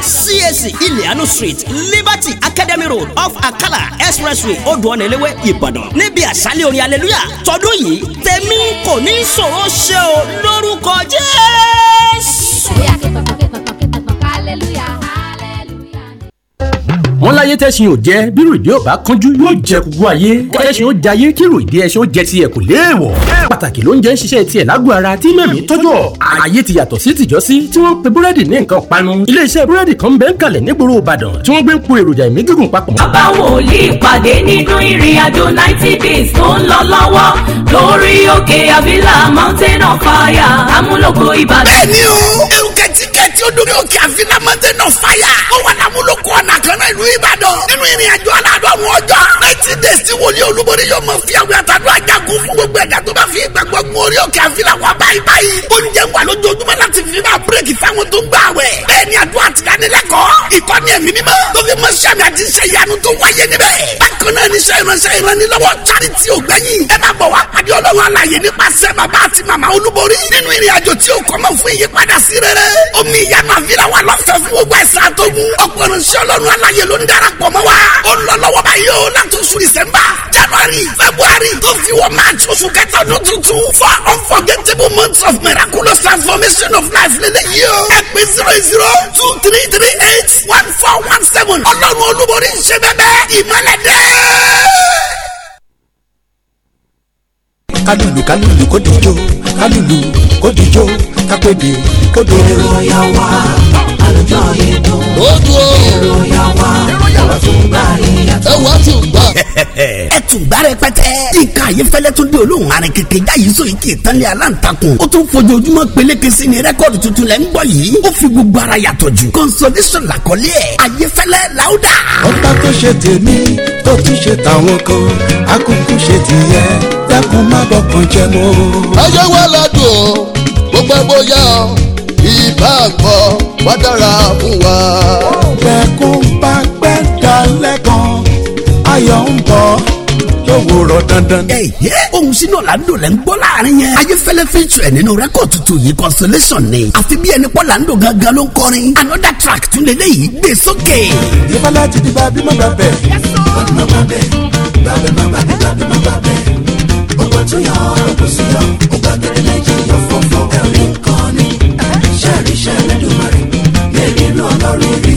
cac ilianu street liberty academy road off akala expressway odùọ̀nẹ́lẹ́wẹ́ ìbàdàn níbi àṣálẹ̀ orin hallelujah tọdún yìí tẹ̀mí kò ní ṣòro ṣe o lórúkọ jésù wọ́n láyé tẹ́sìn ò jẹ́ bírò ìdí ò bá kánjú yóò jẹ gbogbo ayé tẹ́sìn ò jayé kírò ìdí ẹṣin ò jẹ tiẹ̀ kò léèwọ̀. pàtàkì ló ń jẹ́ ń ṣiṣẹ́ tiẹ̀ lágbo ara tí mẹ́mí tọ́jọ́. ayé ti yàtọ̀ sí tìjọ́sí tí wọ́n pe búrẹ́dì ní nǹkan panu. iléeṣẹ́ búrẹ́dì kan bẹ́ẹ̀ ń kalẹ̀ nígboro Ìbàdàn tí wọ́n gbé ń po èròjà ìmí gígùn papọ̀. bàbá wòlíì pàdé nínú ìrìn ninety days tó ń lọ lọ́wọ́ Avila mountain of fire amúlòkọ Ìbàdàn. bẹ́ẹ̀ni o tí ó dórí òkè àfinamọ́tẹ́ náà fáyà. ó wà amúlòkọ ọ̀nà kan náà ìbàdàn nínú ìrìn àjò aládọ́run ọjọ́ ninety days tí olúborí yóò mọ fi àwọn àtàdó ajagun fún gbogbo ẹ̀dá tó bá fi ìgbàgbọ́ gun orí òkè àfihàn wa báyìí oúnjẹ wà lójoojúmọ́ láti fi máa bírèkì fáwọn tó ń gbà wẹ̀ bẹ́ẹ̀ ni àdó àtìlánilẹ́kọ̀ọ́ ìkọ́ni ẹ̀mí mímọ́ tó fi mọ sàmì àti iṣẹ́ ìyanu tó wáyé níbẹ̀ bákan náà níṣẹ́ ọ̀pọ̀ ìránṣẹ́ ọlọ́run aláyè ló ń darapọ̀ mọ́ wa. ó lọ lọ́wọ́ báyìí o láti oṣù dísẹ́mbà january february tó fi wọ march oṣù kẹta ọdún tuntun for unforgettable months of miraculous transformation of life lélẹ̀ yìí o. ẹ pè zero zero two three three eight one four one seven ọlọ́run olúborí ń ṣe bẹ́ẹ̀ bẹ́ẹ̀ ìmọ̀lẹ́dẹ́ kálùlù kálùlù kó dijó kálùlù kó dijó kápẹ́dé kó dodo. èrò ya wá àlùjọ yìí dùn. ó dùn. èrò ya wá ọ̀rọ̀ tún gbà ìyàtọ̀. ẹ wá tí ò gbà. ẹ tún gbà rẹpẹtẹ. nǹkan àyè fẹlẹ tún dé olóhùn arin kékeré jáyé sọ yìí kì í tán lé aláǹtakùn. ó tún fojoojúmọ́ peléke sí ni rẹ́kọ̀dì tuntun lẹ́ ń bọ̀ yìí. ó fi gbogbo ara yàtọ̀ jù. consolation làkọlé ẹ̀. àyè fẹlẹ làwùdà. ọba tó ṣe tèmi tó tún ṣe tàwọn kan akúkú ṣe tìyẹ dákun má b bọ̀kan jẹ́ mọ́. ayé wa ládùn ó pẹ́ bóyá ìbá àgbọ̀ wá dára fún wa. bẹ́ẹ̀kún bá pẹ́ dalẹ̀ kan ayọ̀ ń bọ̀ lówùrọ̀ dandan. ẹ yẹ ohun sínú ọ̀làǹdò lẹ́ ń gbọ́ láàrin yẹn. ayéfẹ́lẹ́ fíjù ẹ̀ nínú rẹ́kọ̀d tuntun yìí consolation ni. àfi bí ẹni pọ́ làǹdò gangan ló ń kọrin. another track tún lélẹ̀ yìí gbé sókè. ìbálá ti bá bímọ bàbẹ̀. bàbẹ̀ bàbẹ̀ bàbẹ̀ bàbẹ̀ àjọyọ̀ àbòsíyọ̀ ògbàdúrà lẹ́yìn yọ fọ́fọ́ ẹ̀rí kan ní ṣẹ́rí ṣẹ́lẹ́dùmarè mẹ́rin lọ́lọ́run rí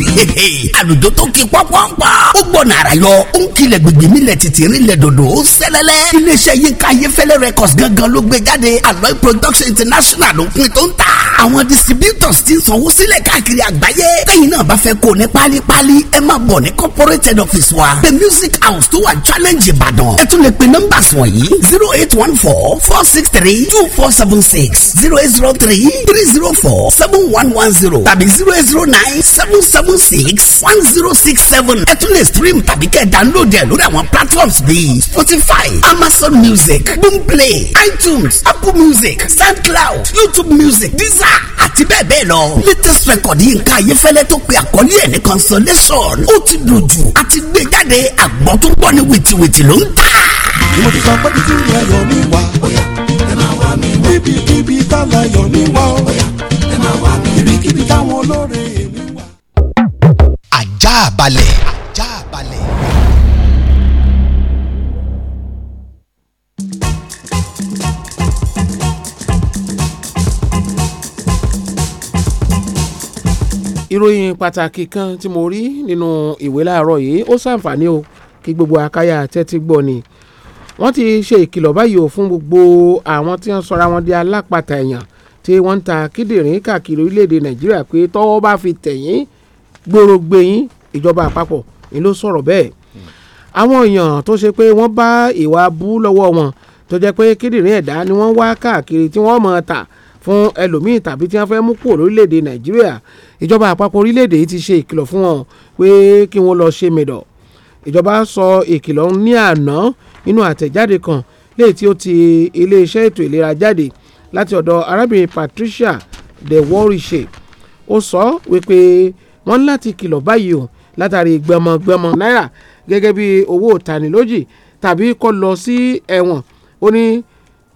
àlùjọ tó kí pọ́npọ́npọ́ ó gbọ́n nàrà yọ ó ń kilẹ̀ gbègbè nílẹ̀ tìtìrì lẹ̀ dòdò ó sẹ́lẹ̀lẹ̀ iléeṣẹ́ yínká ayéfẹ́lẹ́ records gangan ló gbé jáde aloe production international ló pin tó ń ta àwọn distributors ti ń sanwó sílẹ̀ káàkiri àgbáyé lẹ́yìn náà bá fẹ́ kó ní pálípálí ẹ máa bọ̀ ní corporate office wa the music house tó wà challenge ìbàdàn ẹ tún lè pe numbers wọ̀nyí zero eight one four four six three two four seven six zero eight zero three three zero four seven one one zero tàbí zero eight zero nine seven seven six one zero six seven ẹ tún lè stream tàbí kẹ́ download ẹ lórí àwọn platforms bíi spotify amazon music boomplay itunes apple music soundcloud youtube music deezer àti bẹ́ẹ̀ bẹ́ẹ̀ lọ. latest record yìí nǹkan ayéfẹ́lẹ́ tó pe àkọlé ẹ̀ ní consolation ó ti dùn jù àti gbé jáde àgbọ̀ tó gbọ́ ní wìtìwìtì ló ń tà. ìmọ̀ tó sọ pé títí ayọ̀ mi wá ẹ wá mi wá tá láyọ̀ mi wá ẹ wá mi ibikíbi táwọn olóore ajá balẹ̀. ajá balẹ̀. ìròyìn pàtàkì kan tí mo rí nínú ìwé láàárọ̀ yìí ó ṣàǹfààní o kí gbogbo àkáyà tẹ́tí gbọ́ ni wọ́n ti ṣe ìkìlọ̀ báyìí o fún gbogbo àwọn tí wọ́n sọra wọn di alápàtà èèyàn tí wọ́n ń ta kíndìnrín káàkiri orílẹ̀-èdè nàìjíríà pé tọ́wọ́ bá fi tẹ̀yìn gbòrògbè yín ìjọba àpapọ̀ ni ló sọ̀rọ̀ bẹ́ẹ̀ àwọn èèyàn tó ṣe pé wọ́n bá ìwà bú lọ́wọ́ wọn tó jẹ́ pé kíndìnrín ẹ̀dá ni wọ́n wá káàkiri tí wọ́n mọ̀ ta fún ẹlòmíín tàbí tí wọ́n fẹ́ mú kúrò lórílẹ̀‐èdè nàìjíríà ìjọba àpapọ̀ orílẹ̀‐èdè yìí ti ṣe ìkìlọ̀ fún wọn pé kí wọ́n lọ ṣe mẹ̀dọ̀ ìjọba sọ ìkìlọ̀ ní àná nínú àtẹ̀jáde kan léyìí tí ó ti iléeṣẹ́ ètò ìlera jáde láti ọ̀dọ̀ arábìnrin Patricia de Warriche ó sọ wípé wọ́n láti kìlọ̀ báyìí o látàrí gbọmọgbọmọ náírà gẹ́gẹ́ bí owó ìtanilójì tàbí kó lọ sí ẹ̀wọ̀n ó ní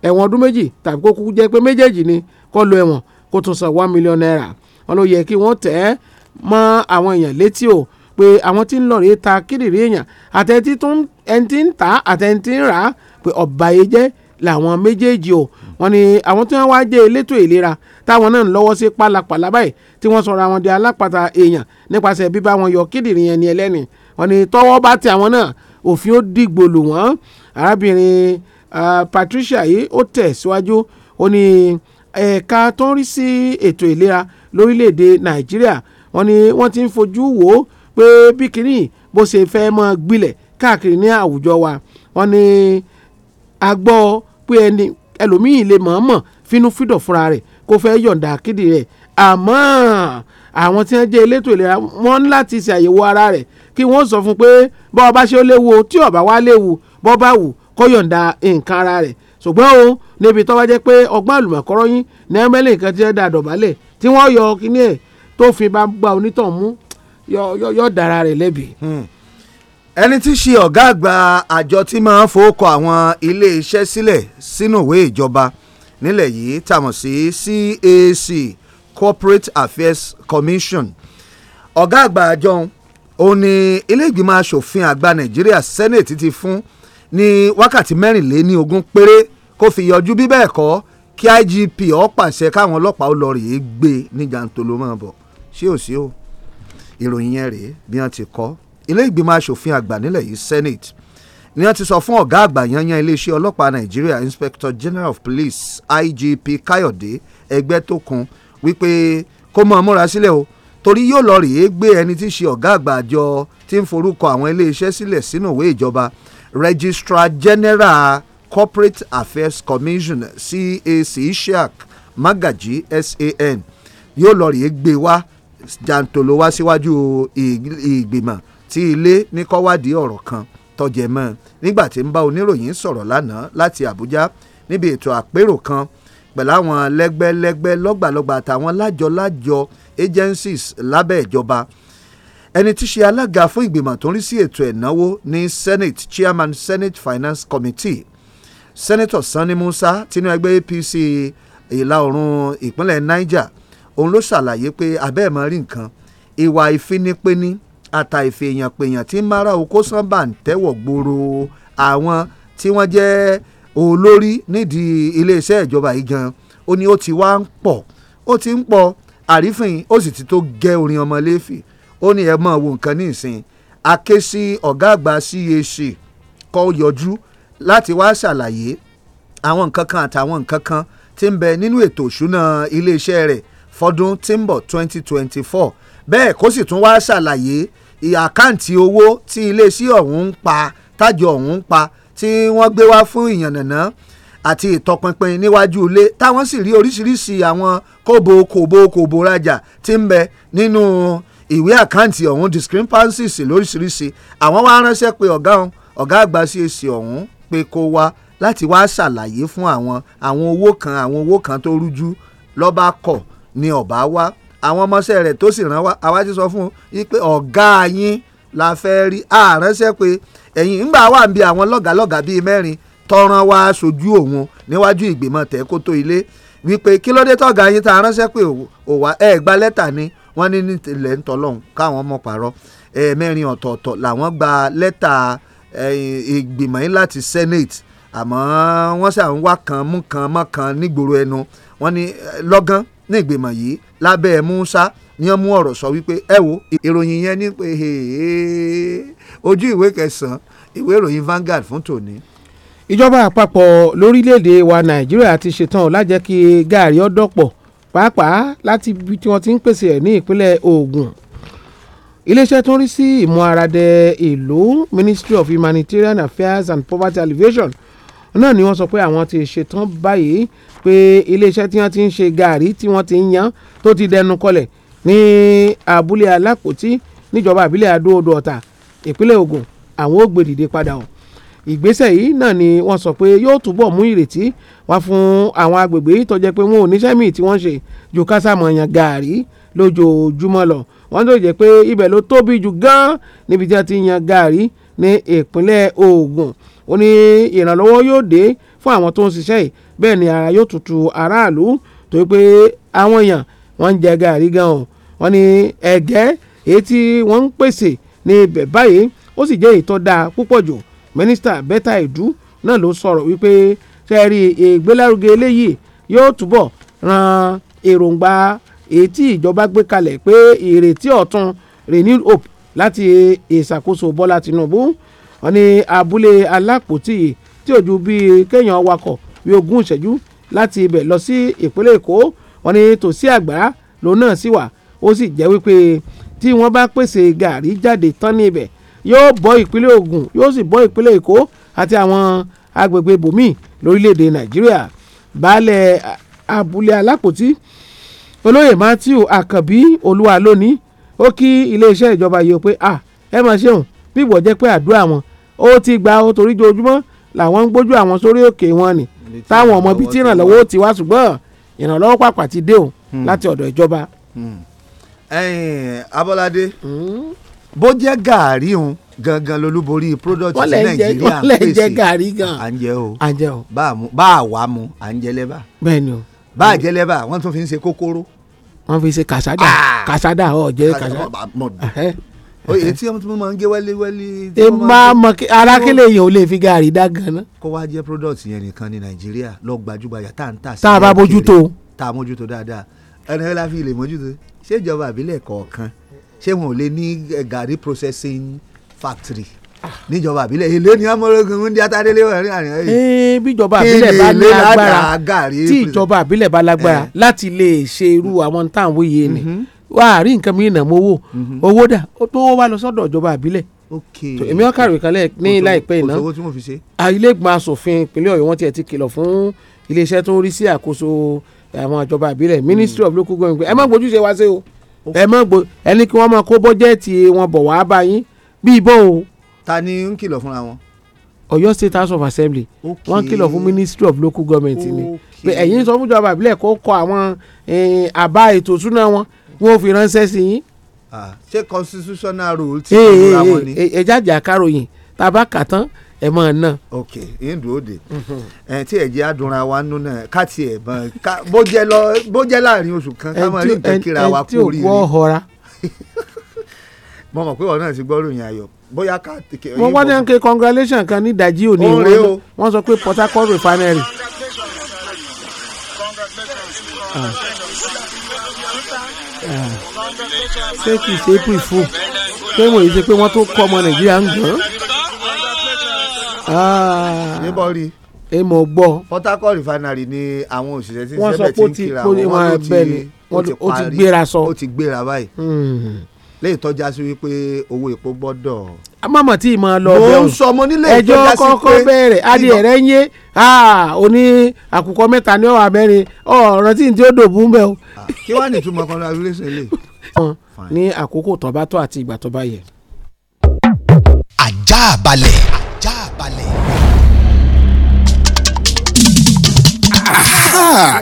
ẹ̀wọ̀n ọdún méjì tàbí kó kúkú jẹ́ pé méjèèjì ni kó lọ ẹ̀wọ̀n kó tún san one million naira wọn ló yẹ kí wọ́n tẹ̀ ẹ́ mọ́ àwọn èèyàn létí o pé àwọn tí ń lọ rèé ta kíndìnrín èèyàn àtẹ̀ntí tó ẹni tí ń tà àtẹ̀ntí ń rà á pé ọ̀bàyéjẹ́ làwọn méjèèjì o wọn ni àwọn tí wọ́n wá jẹ́ elétò ìlera táwọn náà ń lọ́wọ́ sí pálapàla báyìí tí wọ́n sọra wọn di alápàtà èèyàn nípasẹ̀ bíbá wọn yọ kíndìnrín ẹni ẹlẹ́ni wọn ni tọ́wọ́ bá ti àwọn náà òfin ó dìgbò lù wọ́n arábìnrin Patricia yìí ó tẹ̀síwájú ó ní ẹ̀ka tó ń rí sí ètò ìlera lórílẹ̀‐èdè Nàìjíríà wọn ni wọ́n ti ń fojú wò ó pé bí kínní bó ṣe fẹ́ mọ́ gbilẹ̀ káàkiri ní àwùjọ wa wọn ni agbọ́ pé ẹni ẹlòmíì lè mọ̀ọ́mọ̀ fínú fídọ̀ fúnra rẹ̀ kó fẹ́ yọ̀ǹda kídì rẹ̀ àmọ́ àwọn tí wọ́n jẹ́ elétò ìlera wọ́n ń láti ṣe àyẹ̀wò ara rẹ̀ kí wọ́n sọ fún pé bọ́ ọba ṣe ó léwu tí ọba wá léwu bọ́ bá wù kó yọ̀ǹda nǹkan ara rẹ̀ ṣùgbọ́n o níbi tó bá jẹ́ pé ọgbọ́n àlùmọ̀kọ́rọ́ yín ní ẹ̀mẹ́lì nǹkan ti ń da dọ̀bálẹ̀ tí wọ́n yọ kíní ẹ̀ tó fi bá gba onítàn mú yọ dára rẹ̀ lẹ́bi. Hmm ẹni tí í ṣe ọ̀gá àgbà àjọ tí máa ń fowókọ àwọn iléeṣẹ́ sílẹ̀ sínú ìwé ìjọba nílẹ̀ yìí tàmọ̀ sí CAC Corporate Affairs Commission ọ̀gá àgbà àjọ òun ni ilé ìgbìmọ̀ asòfin àgbà Nàìjíríà Senate ti fún ní wákàtí mẹ́rìnléní ogún péré kó fi yọjú bí bẹ́ẹ̀ kọ́ kí IGP ó pàṣẹ káwọn ọlọ́pàá ó lọ rèé gbé ní jàǹtó ló máa bọ̀ ṣé ò sí o ìròyìn yẹn rèé bí wọ́n ti kọ́ ilé ìgbìmọ̀ asòfin àgbà nílẹ̀ yìí senate ni wọ́n ti sọ fún ọ̀gá àgbà yanyan iléeṣẹ́ ọlọ́pàá nàìjíríà inspector general of police igp káyọ̀dé ẹgbẹ́ tó kun wípé kó mọ̀ múra sílẹ̀ o torí yóò lọ rèé gbé ẹni tí í ṣe ọ̀gá àgbà àjọ tí ń forúkọ àwọn iléeṣẹ́ sílẹ̀ sínú ìwé ìjọba registrar general corporate affairs commission cac ishaq magaji san yóò lọ rèé gbé wá jàǹtòló wá síwájú ìgbìmọ̀ tí ilé ní kọ́wádìí ọ̀rọ̀ kan tọ́jẹ̀ mọ́ nígbà tí ń bá oníròyìn sọ̀rọ̀ lánàá láti Àbújá níbi ètò àpérò kan pẹ̀lú àwọn lẹ́gbẹ́lẹ́gbẹ́ lọ́gbàlọ́gbà àtàwọn lájọ-lájọ agencies lábẹ́ ìjọba ẹni tí ṣe alága fún ìgbìmọ̀ tó ń rí sí ètò ẹ̀náwó ní Senate Chairman Senate Finance Committee Senator Sani Musa tinú ẹgbẹ́ APC ìlà oòrùn ìpínlẹ̀ Niger òun ló ṣàlàyé pé abẹ́ẹ̀ rí nǹkan ìwà ìfinipéni àtàìfèèyànpèèyàn tí mara oko sanba ń tẹ́wọ̀ gbòòrò àwọn tí wọ́n jẹ́ olórí nídìí iléeṣẹ́ ìjọba yìí gan ó ní ó ti wá ń pọ̀ ó ti ń pọ̀ àrífín ó sì ti tó gẹ orin ọmọ léèfì ó ní ẹ mọ̀ wo nǹkan ní ìsìn aké sí ọ̀gá àgbà CAC kọ́ yọjú láti wá ṣàlàyé àwọn nǹkan kan àtàwọn nǹkan kan tí ń bẹ nínú ètò ìṣúná iléeṣẹ́ rẹ̀ fọdún tí ń bọ̀ 2024 bẹ́ẹ̀ kó sì tún wá ṣàlàyé àkáǹtì owó tí iléeṣẹ́ ọ̀hún ń pa tájọ ọ̀hún ń pa tí wọ́n gbé wá fún ìyànnàná àti ìtọpinpin níwájú ilé táwọn sì rí oríṣiríṣi àwọn kòbó kòbó kòbó rajà tí ń bẹ nínú ìwé àkáǹtì ọ̀hún discrepancies lóríṣiríṣi àwọn wá ránṣẹ́ pé ọ̀gá ọ̀gá àgbà CAC ọ̀hún pé kó wá láti wá ṣàlàyé fún àwọn àwọn owó kan àwọn owó kan tó rújú lọ́ba kọ̀ ni ọ̀bá wá àwọn ọmọọṣẹ́ rẹ̀ tó sì rán wa àwa ti sọ fún yín pé ọ̀gá yín la fẹ́ rí àránṣẹ́ pé ẹ̀yìn ńgbà wà ń bi àwọn lọ́gàálọ́gà bíi mẹ́rin tọ́ran wá aṣojú òun níwájú ìgbìmọ̀ tẹ́kótó ilé wípé kí ló dé tọ́gà yín tá a ránṣẹ́ pé òwà ẹ̀ gba lẹ́tà ni wọ́n ní ní tilẹ̀ ń tọ́lọ́hún káwọn ọmọ pàrọ̀ ẹ̀ẹ̀mẹ́rin ọ̀tọ̀ọ̀tọ̀ làwọn gba lẹ́tà ìgbìmọ̀ yín láti senate àmọ́ wọ́n ṣà ń wá kan mú kan mọ́ kan nígboro ẹnu wọ́n ní lọ́gán ní ìgbìmọ̀ yìí lábẹ́ Musa ni wọ́n mú ọ̀rọ̀ sọ wípé ẹ wo ìròyìn yẹn ní pé ojú ìwé kẹsàn-án ìwé ìròyìn Vanguard fún tòní. ìjọba àpapọ̀ lórílẹ̀‐èdè wa Nàìjíríà ti ṣetán lájẹ́ kí gààrí ọ̀dọ́pọ̀ pàápàá láti ibi tí wọ́n ti ń pèsè ẹ̀ ní ìpínlẹ̀ Ògùn iléeṣẹ́ tó ń rí sí ìmọ̀ àràdẹ ìlú Ministry of Humanitarian Affairs and Poverty Alleviation náà ni wọ́n sọ pé àwọn ti ṣetán báyìí pé iléeṣẹ́ tí wọ́n ti ń ṣe gàárì tí wọ́n ti ń yan tó ti dẹnu kọlẹ̀ ní abúlé alákòótì níjọba àbílẹ̀ adó-odò ọ̀tà ìpínlẹ̀ Ògùn àwọn ò dìde padà o ìgbésẹ̀ yìí náà ni wọ́n sọ pé yóò túbọ̀ mú ìrètí wá fún àwọn agbègbè yìí tó jẹ́ pé wọn ò níṣẹ́ míì tí wọ́n ṣe ju kásámọ̀yàn gàárì lójoojúmọ́ lọ wọ́n tó jẹ́ pé ibẹ̀ ló tóbi jù gan-an níbi tí wọ́n ti yan gàárì ní ìpínlẹ̀ Ògùn ó ní ìrànlọ́wọ́ yóò dé fún àwọn tó ń ṣiṣẹ́ yìí bẹ́ẹ̀ ni ara yóò tutù aráàlú tó pé àwọn èèyàn wọ́n ń jẹ gàrí gan o wọ́n ní ẹ̀gẹ́ èyí tí wọ́n ń pèsè ní ibẹ̀ báyìí ó sì jẹ́ ìtọ́ dáa púpọ̀ jù mínísítà Betta Edu náà ló sọ̀rọ̀ wípé sẹ́ẹ̀rì ìgbélárugẹ eléyìí yóò túbọ̀ ran èròǹgbà èyí tí ìjọba gbé kalẹ̀ pé ìrètí ọ̀tun renewed hope láti ìṣàkóso Bọ́lá Tinubu wọ́n ní abúlé alápòtì tí ò ju bíi kéèyàn wakọ̀ bíi ogún ìṣẹ́jú láti ibẹ̀ lọ sí ìpínlẹ̀ èkó wọ́n ní tòsí àgbàrá lòun náà sì wà ó sì jẹ́ wípé tí wọ́n bá pèsè gàrí jáde tán ní ibẹ̀ yóò bọ́ ìpínlẹ̀ ògùn yóò sì bọ́ ìpínlẹ̀ èkó àti àwọn agbègbè bòmí lórílẹ̀‐èdè nàìjíríà baálẹ̀ abúlé alápòtì olóyè matthew àkànbí olúwa lónìí ó kí iléeṣẹ́ ìjọba yìí pé ah ẹ máa ṣeun bí jẹ́ pé àdúrà wọn ó ti gba o torí ojoojúmọ́ làwọn ń gbójú àwọn sórí òkè wọn ni táwọn ọmọ bíi tí ìrànlọ́wọ́ ó ti wá ṣùgbọ́n ìrànlọ́wọ́ pàpà ti dé o hmm. láti ọ̀dọ̀ ìjọba. Hmm. Abọ́ládé hmm. bó jẹ́ gàárì òun gangan lolúborí product ti Nàìjíríà ń pèsè wọ́n lẹ́ jẹ́ gàárì gan à jẹ o à ń jẹ o bá a wà mu à ń jẹ lẹ́bà bẹ́ẹ̀ ni o bá a jẹ lẹ́bà wọ́n tún fi ń ṣe kókóró wọ́n fi ṣe kàṣádà ah! kàṣádà ọ̀ jẹ́ kàṣádà èyí tí wọ́n máa ń gé wẹ́lẹ́ wẹ́lẹ́. ẹ máa mọ arákẹ́lẹ̀ yẹn ò lè fi gàrí dá ganan. kó wá jẹ́ product yẹn nìkan ní nàìjíríà lọ gbajúgbajà tá à ń tà sí. tá a bá mójútó. tá a mójútó dáadáa ẹni ẹ la fi lè mójútó ṣé ìjọba àbílẹ̀ kọ̀ọ̀kan ṣé wọn ò lè ní eh, gàrí processing factory ah. níjọba àbílẹ̀ èlé ni amọ̀lógún ń di atadélé wọ̀ ẹ̀rín àríyàn yìí. ee àbílẹ̀ bá lágbára tí ìjọba àbílẹ̀ bá lágbára láti lè ṣe irú àwọn táwọn yìí ni mm-hmm wà á rí nǹkan mìíràn mọ owó mhm. owó dà ó tó wá lọ sọ́dọ̀ ìjọba àbílẹ̀ èmi wọn kàwé kalẹ̀ ní láìpẹ́ iná ilé ìgbìmọ̀ asòfin ìpínlẹ̀ ọ̀yọ́ wọn tiẹ̀ ti kìlọ̀ fún iléeṣẹ́ tó ń rí sí àkóso eh, àwọn ìjọba àbílẹ̀ hmm. ministry of local government ẹ má gbójú ṣe wá sí o ẹ má gbó ẹni kí wọ́n máa kó bọ́jẹ́ẹ̀tì wọn bọ̀ wá bá yín bí ìbọn o. ta ni ń kìlọ̀ fúnra wọn. Ọ̀yọ́ state house of assembly wọ́n kìlọ̀ fún ministry of local government ni ẹ̀yin sọ fún ìjọba àbílẹ̀ kó kọ àwọn eh, àbá ètò ìṣúná wọn wọn ò fi ránṣẹ́ sí yín. ṣé constitutional rule ti ń ra wọn ni. ẹ jáde àkàròyìn tàbá kà tán ẹ mọ ọ náà. ok ìdúró de mhm. ẹ tí ẹ jẹ àdúrà wa nù náà ká tiẹ̀ bọ bó jẹ lọ bó jẹ láàrin oṣù kan ká mọ rí nǹkan kíra wa kú rí ẹ tí ò wọ́ mo mọ̀ pé ọ̀nà ti gbọ́ ròyìn ayọ̀ bóyá ká. wọ́n wá ní ànkẹ́ congratulation kan ní ìdajì òní wọ́n sọ pé Port Harcourt refinery. Ah ṣé kìí ṣe april fool pé wọ́n yìí ṣe pé wọ́n tó kọ́ ọmọ nàìjíríà ń gbọ́n. Ah. níbo rí i. èmo gbọ́. Port Harcourt refinery ni àwọn òṣìṣẹ́ tí sẹ́bẹ̀ ti ń kira wọn ló ti ó ti gbéra sọ. ó ti gbéra báyìí. Hmm. lẹ́yìn tọ́já sí wípé owó epo gbọ́dọ̀ mọ̀mọ́ tí mo lọ bẹ̀rù mo ń sọ mo nílé ìjọ kọ́kọ́ bẹ̀rẹ̀ adìẹ rẹ̀ ń yé oní àkùkọ mẹ́ta ní ọ̀wà mẹ́rin ọ̀rọ̀ tí n tí ó dòbú bẹ́ẹ̀ o. kí wàá nìtumọ̀ congratulation lè. ní àkókò tó tó àti ìgbà tó bá yẹ. ajá balẹ̀ ajá balẹ̀.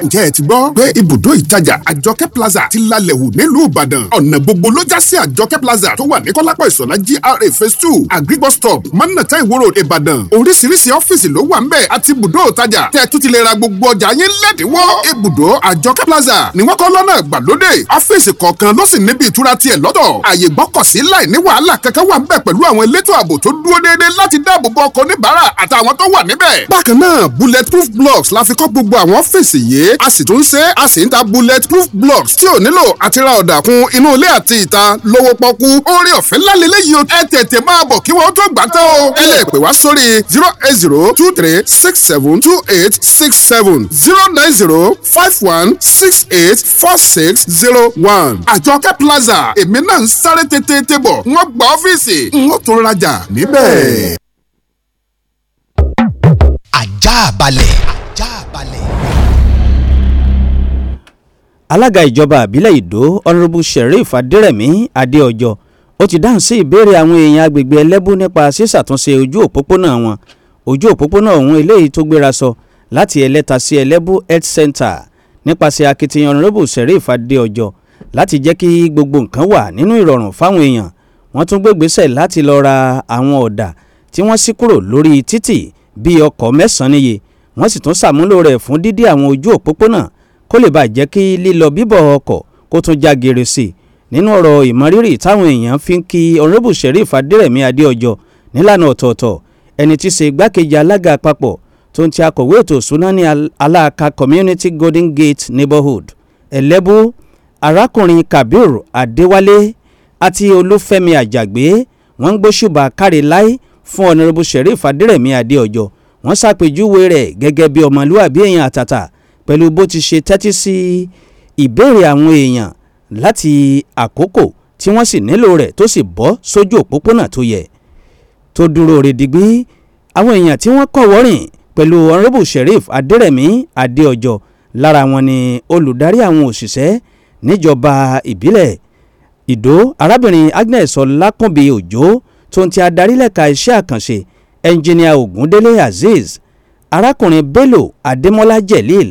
ǹjẹ́ ẹ ti gbọ́ pé ibùdó ìtajà àjọkẹ́ plaza ti lálẹ́ wù nílùú ìbàdàn ọ̀nà gbogbo ló já sí àjọkẹ́ plaza tó wà ní kọ́lápọ̀ ìṣọ̀lá GRA phase two agribus stop manata ìwòrò ìbàdàn oríṣiríṣi ọ́fíìsì ló wà ńbẹ̀ àti ibùdó ìtajà tẹ́ tún ti lè ra gbogbo ọjà yín lẹ́dínwó ibùdó àjọkẹ́ plaza ni wọ́n kọ́ lọ́nà ìgbàlódé ọ́fíìsì kọ̀ọ̀kan ló sì níbi ìtura tiẹ̀ lọ́dọ̀ àyè gbọ́kọ̀sí láì ní wàhálà kankan wà ńbẹ̀ pẹ̀lú àwọn elétò ààbò tó dúró déédéé láti dáàbò bo ọkọ̀ oníbàárà àtàwọn tó wà níbẹ̀. bákan náà bulletproof blocks la fi kọ́ gbogbo àwọn ọ́fíìsì ọ́fíìsì yìí a sì tún ṣe a sì ń ta bullet proof blocks tí ò nílò àti ra ọ̀dà kun inú ilé àti ìta lówó pọ́kú orí ọ̀fẹ́ lálẹ́lẹ́ yìí ẹ tètè máa bọ̀ kí wọ́n tó gbà tán o ẹ lè pè wá sórí zero eight zero two three six seven two eight six seven zero nine zero five one six eight four six zero one àjọkẹ́ plaza èmi náà ń sáré tètè tébọ̀ wọ́n gba ọ́fíìsì n ó tó rajà níbẹ̀. ajá balẹ̀. ajá balẹ̀ alága ìjọba àbílẹ̀ ìdó ọ̀nàrẹ́bù sheriff adẹ́rẹ̀mí adéọjọ́ ó ti dáhùn sí ìbéèrè àwọn èèyàn agbègbè ẹlẹ́bù nípa ṣíṣàtúnṣe ojú òpópónà wọn ojú òpópónà ọ̀hún eléyìí tó gbéra sọ láti ẹlẹ́ta sí ẹlẹ́bù health center nípasẹ̀ akitiyan ọ̀nàrẹ́bù sheriff adéọjọ́ láti jẹ́ kí gbogbo nǹkan wà nínú ìrọ̀rùn fáwọn èèyàn wọ́n tún gbégbésẹ̀ láti lọ ra àwọn ọ̀dà tí wọ́n ṣí kúrò lórí títì bíi ọkọ̀ mẹ́sàn-án níye wọ́n sì tún ṣàmúlò rẹ̀ fún dídí àwọn ojú òpópónà kó lè bàa jẹ́ kí lílọ bíbọ̀ ọkọ̀ kó tún já gere sí i nínú ọ̀rọ̀ ìmọrírì táwọn èèyàn fi ń kí honorable sheriff adérẹ̀mí adéọjọ́ nílànà ọ̀tọ̀ọ̀tọ̀ ẹni tí í ṣe igbákejì alága àpapọ̀ tó ń ti akọ̀wé ètò ìṣúná ní aláàka community golden gate neighborhood ẹ̀lẹ́bú arákùnrin kabir adéwálé àti olúfẹ́mi àjàgbé wọ́n ń gbóṣùbà káre láì fún honorable sheriff adérẹ̀mí adéọjọ́ wọ́n ṣàpèjúwe rẹ̀ gẹ́gẹ́ bí ọmọlúwàbí èèyàn àtàtà pẹ̀lú bó ti ṣe tẹ́tí sí ìbéèrè àwọn èèyàn láti àkókò tí wọ́n sì nílò rẹ̀ tó sì bọ́ sójú òpópónà tó yẹ tó dúró rèdígbí àwọn èèyàn tí wọ́n kọ̀ wọ́rìn pẹ̀lú honorable sheriff adérẹ̀mí adéọjọ́ lára wọn ni olùdarí àwọn òṣìṣẹ́ níjọba ìbílẹ̀ ìdó arábìnrin agnes ọlákùnbí òjó tó ń ti adarí lẹ́ka iṣẹ́ àkànṣe ẹnjìníà ògúndélé azeez arákùnrin bello adémọlá jelil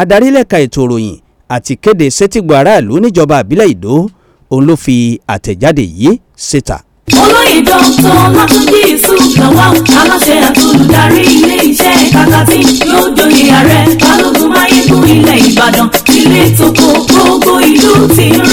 adarí lẹ́ka ètò ìròyìn àti kéde sétígbò aráàlú níjọba àbílẹ̀ ìdó òun ló fi àtẹ̀jáde yìí síta olóyè dọ́tọ̀ látúndí ìsúkàwá aláṣẹ àtúndarí ilé kàkà tí yóò joyè ààrẹ balógun máyégún ilẹ̀ ìbàdàn ilé tó kó gbogbo ìlú ti ń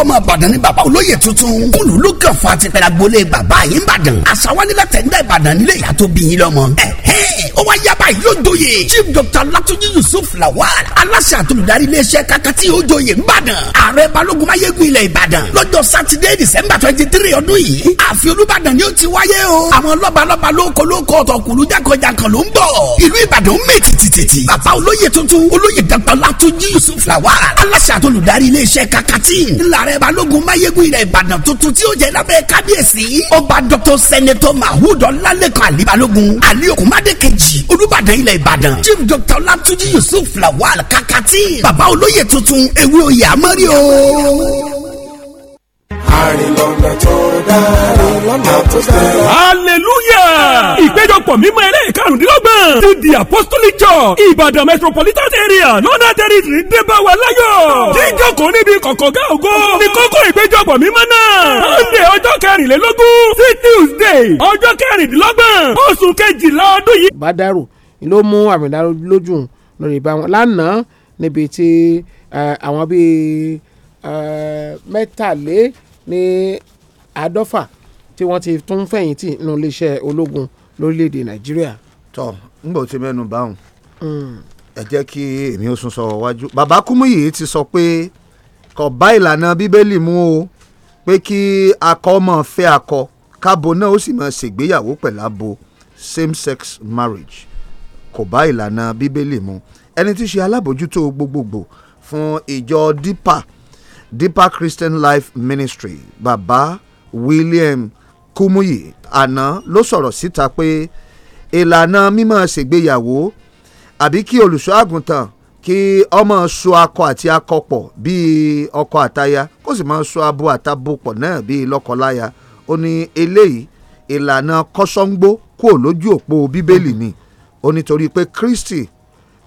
ọmọ ìbàdàn ni bàbá olóyè tuntun kúlù ló kàn fa tipẹ́rẹ́ agboolé bàbá yìí ń bàdàn àṣà wálé látẹ̀ńdá ìbàdàn nílé ìyá tó bí yín lọ́mọ ẹ̀hẹ́ yìí ó wá yaba yìí ló joyè chief doctor latunji yusuf lawal aláṣẹ àtolùdarí iléeṣẹ́ kakati ó joyè nìbàdàn ààrẹ balógun mayegun ilẹ̀ ìbàdàn lọ́jọ́ sátidé december twenty three ọdún yìí ààfin olùbàdàn ni ó ti wáyé o àwọn lọ́balọ́ba lóko lóko ọ̀tọ̀kùlú jákọ̀jákọ̀ ló ń bọ̀ ìlú ìbàdàn ń mì tìtìtì bàbá olóyè tuntun olóyè dr latunji yusuf lawal aláṣẹ àtolùdarí iléeṣẹ́ kakati ńlárẹ̀ balógun mayegun ilẹ̀ ìbàdàn tuntun tí ó jẹ lábẹ́ kábíyèsí ọba dr senator mahud ọlálẹ́kan àlíbalógun àlíokùnmádékè kejì olùbàdàn ilẹ̀ ìbàdàn chief doctor olatunji yusuf lawal kakati bàbá olóyè tuntun ewé oyè amórí o àrìnlọ́nà tó dára lọ́nà tó dára. hallelujah ìpéjọpọ̀ mímọ́ ẹlẹ́yìn karùndínlọ́gbọ̀n ti di apostolic church ìbàdàn metropolitan area lọ́nà tẹ́rìtìrì débà wà láyọ̀ jíjókòó níbi kọ̀kọ̀gá ògo ní kókó ìpéjọpọ̀ mímọ́ náà sunday ọjọ́ kẹrìnlélógún sí tuesday ọjọ́ kẹrìndínlọ́gbọ̀n oṣù kejìlá ọdún yìí. bá dárò ló mú àmì lójú lórí ìbá wọn lánàá níbi tí eh, àwọn bíi eh, mẹ́tàlé ní àádọ́fà tí wọ́n ti tún fẹ̀yìntì nínú iléeṣẹ́ ológun lórílẹ̀‐èdè nàìjíríà. tọ ngbọ tí mẹnu bá wọn hmm. ẹ jẹ́ kí èmi ó sún sọ wájú bàbá kúmúyì ti sọ pé kò bá ìlànà bíbélì mu o pé kí akọ ọmọ fẹ́ akọ kábo náà ó sì máa ṣègbéyàwó pẹ̀lú abo same sex marriage kò bá ìlànà bíbélì mu ẹni tí í ṣe alábòjútó gbogbogbò fún ìjọ dípà e Deeper Christian Life Ministry Baba William Kumuyi àná ló sọ̀rọ̀ síta pé ìlànà mímọ́ ṣègbéyàwó àbí kí olùṣọ́ àgùntàn kí ọmọ so akọ àti akọ pọ̀ bíi ọkọ àtaya kó sì máa so abo àtabo pọ̀ náà bíi lọ́kọláya ó ní eléyìí ìlànà kọ́sọ́ńgbó kúrò lójú òpó bíbélì ni ó nítorí pé Kristi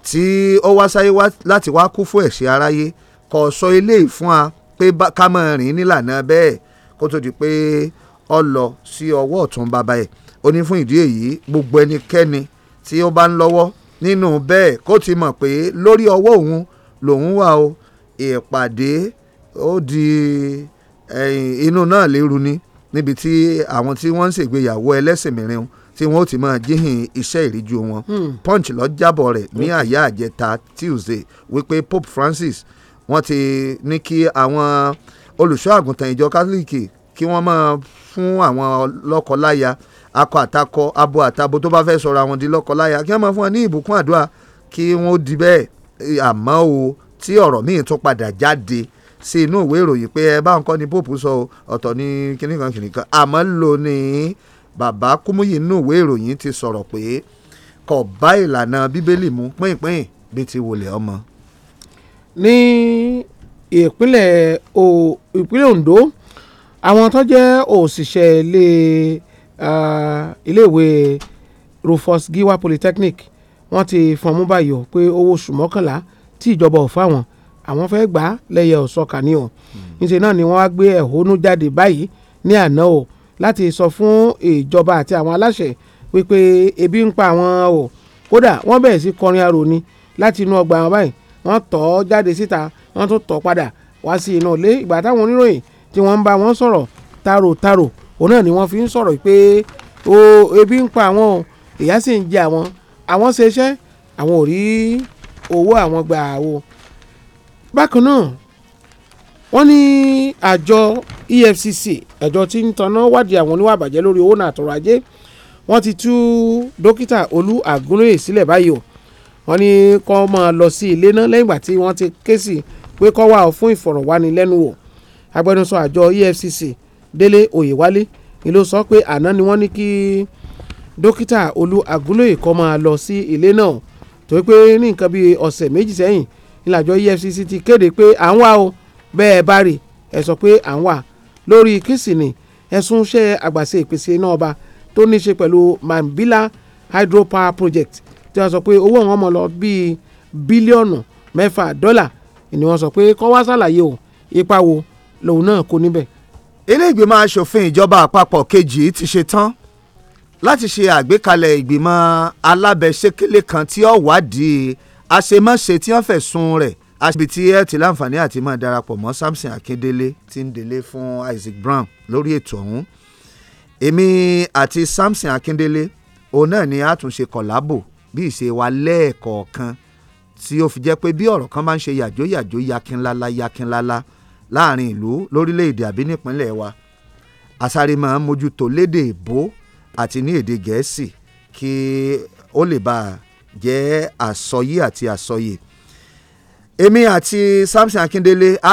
tí ó wá sáyé láti wá kú fún ẹ̀ṣẹ̀ aráyé kò sọ eléyìí fún wa pé ká mọ̀ rìn nílànà bẹ́ẹ̀ kó tó di pé ọ lọ sí ọwọ́ ọ̀tún bàbá ẹ̀ ó ní fún ìdí èyí gbogbo ẹnikẹ́ni tí ó bá ń lọ́wọ́ nínú bẹ́ẹ̀ kó ti mọ̀ pé lórí ọwọ́ òun lòun wà o ìpàdé ó di inú náà léru ni níbi tí àwọn tí wọ́n ń ṣègbéyàwó ẹlẹ́sìn mìíràn tí wọ́n ó ti máa jíhìn iṣẹ́ ìríjú wọn hmm. punch lọ jábọ̀ rẹ̀ ní àyà àjẹta Tuesday wípé Pope Francis wọ́n ti ní kí àwọn olùṣọ́ àgùntàn ìjọ kátólíìkì kí wọ́n máa fún àwọn lọ́kọláya akọ àtakọ abo àtabo tó bá fẹ́ sọ̀rọ̀ àwọn di lọ́kọláya kí wọ́n máa fún wọn ní ìbùkún àdúrà kí wọ́n di bẹ́ẹ̀ àmọ́ o tí ọ̀rọ̀ míì tún padà jáde sí inú ìwé ìròyìn pé ẹ báwọn kọ́ ni pope sọ ọ̀tọ̀ ní kìnnìkan kìnnìkan àmọ́ lónìí bàbá kúmúyì inú ìwé ìròyìn ti sọ̀rọ̀ pé kò bá ìlànà bíbélì mu pínpín bíi ti wòlé ọmọ ní ìpínlẹ̀ ìpínlẹ̀ Ondo àwọn tó jẹ́ òṣìṣẹ́ ilé iléèwé Rufus Giwa Polytechnic wọ́n ti fọnmú báyọ̀ pé owó oṣù mọ́kànlá tí ìjọba ò fáwọn àwọn fẹ́ gbà á lẹ́yẹ ọ̀sọ́kà ni o hmm. níṣẹ́ náà ni wọ́n wá gbé ẹ̀hónú jáde báyìí ní àná o láti sọ fún ìjọba àti àwọn aláṣẹ wípé ebi ń pa àwọn o kódà wọ́n bẹ̀rẹ̀ sí kọrin arò ni láti inú ọgbà àwọn báyìí wọ́n tọ̀ ọ́ jáde síta wọ́n tún tọ̀ padà wá sí inú ilé ìgbà táwọn oníròyìn tí wọ́n ń bá wọn sọ̀rọ̀ tààròtààrò òun náà ni wọ́n fi ń sọ̀rọ̀ pé o ebi ń pa àwọn o ìyà sì ń jẹ àwọn àwọn ṣe iṣẹ́ àwọn ò rí owó àwọn gbà o. bákan náà wọ́n ní àjọ EFCC àjọ tí ń tanná wádìí àwọn oníwà àbàjẹ́ lórí owó náà àtọrọ̀ ajé wọ́n ti tú dókítà Olú Àgúnlóyè sílẹ̀ báyìí o wọ́n ní kọ́ máa lọ sí ilé náà lẹ́yìn ìgbà tí wọ́n ti ké sí pé kọ́ wà fún ìfọ̀rọ̀wánilẹ́nuwò agbẹnusọ àjọ EFCC Délé Oyèwálé ni ló sọ pé àná ni wọ́n ní kí dókítà Olú Agúnlóyè kọ́ máa lọ sí ilé náà tó pé ní nǹkan bíi ọ̀sẹ̀ méjì sẹ́yìn ìlàjọ EFCC ti kéde pé à ń wá o bẹ́ẹ̀ bá rí ẹ sọ pé à ń wà lórí kìsìnì ẹ̀sùn iṣẹ́ àgbàṣe ìpèsè iná ọba tó ní í project tí wọ́n sọ pé owó wọn mọ̀ lọ bíi bílíọ̀nù mẹ́fà dọ́là ni wọ́n sọ pé kọ́ wá ṣàlàyé o ipa wo lòun náà kó níbẹ̀. ilé ìgbìmọ̀ asòfin ìjọba àpapọ̀ kejì ti ṣe tán láti ṣe àgbékalẹ̀ ìgbìmọ̀ alábẹ́sẹ́kẹ́lẹ́ kan tí ó wádìí àṣemáṣe tí wọ́n fẹ̀sùn rẹ̀ àṣìbí tí ẹ ti láǹfààní àti máa darapọ̀ mọ́ Samson Akíndélé tí ń délé fún Isaac Brown lórí ètò ọ̀hún èmi àti Samson Akíndélé òun náà ni a tún ṣe kọ̀lábò bí ìṣe wa lẹ́ẹ̀kọ̀ọ̀kan tí ó fi jẹ́ pé bí ọ̀rọ̀ kan máa ń ṣe yàjóyàjó yakinlala yakinlala láàrin ìlú lórílẹ̀‐èdè àbí nípínlẹ̀ wa àsáré máa ń mójútó lédè èbó àti ní èdè gẹ̀ẹ́sì kí ó lè bá a jẹ́ àsọyé àti àsọyè èmi àti Samson Akindele á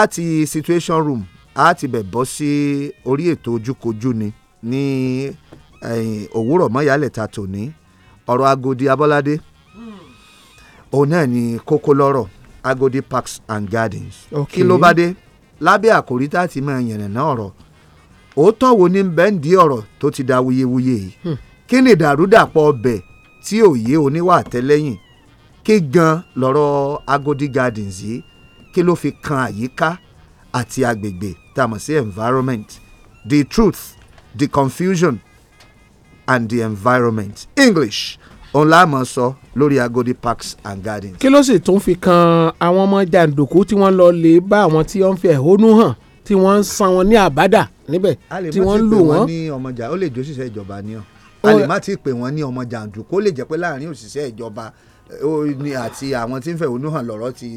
situation room á ti bẹ̀ bọ́ sí orí ètò ojúkojú ni ní eh, òwúrọ̀ mọ́yálẹ̀ ta tòní ọ̀rọ̀ Agodi Abọ́ládé hmm. òun náà ni kókó lọ́rọ̀ Agodi Parks and Gardens kí ló bá dé lábẹ́ àkòrí tá a ti máa yànnàná ọ̀rọ̀ òótọ́ wo ni bẹ́ǹdì ọ̀rọ̀ tó ti da wuyewuye yìí hmm. kí ni ìdàrúdàpọ̀ ọbẹ̀ tí òye oníwà tẹ́lẹ́yìn kí gan lọ́rọ̀ Agodi Gardens yìí kí ló fi kan àyíká àti agbègbè tá a mọ̀ sí environment the truth the confusion and the environment english òun láàmú sọ lórí agodi parks and gardens. kí ló sì tún fi kan àwọn ọmọ jàǹdùkú tí wọ́n lọ lè bá àwọn tí wọ́n ń fi ẹ̀hónú hàn tí wọ́n ń san wọn ní àbádà níbẹ̀ tí wọ́n ń lù wọ́n. a lè má ti pè wọ́n ní ọmọjà ó lè jó òṣìṣẹ́ ìjọba ní ọ a lè má ti pè wọ́n ní ọmọ jàǹdùkú ó lè jẹ́ pé láàrin òṣìṣẹ́ ìjọba àti àwọn tí ń fẹ̀hónú hàn lọ́rọ̀ ti.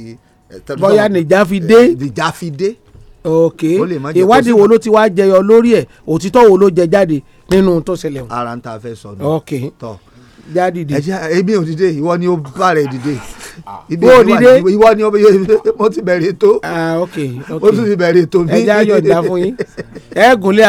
Eh, bóyá nìjà fi dé. nìjà fi dé ok ìwádìí wo ló ti wá jẹyọ lórí ẹ̀ òtítọ́ wo ló jẹ jáde nínú tó ṣẹlẹ̀ o. ara ń ta fẹ́ sọ nù. ok tọ já dìde. ẹ jẹ́ èmi ò dìde ìwọ ni ó bá rẹ̀ dìde. bó o dìde ìwọ ni mo ti bẹ̀rẹ̀ tó. ah ok ok o tún ti bẹ̀rẹ̀ tó mi. ẹ já yọ̀ǹda fún yín ẹ gúnlẹ̀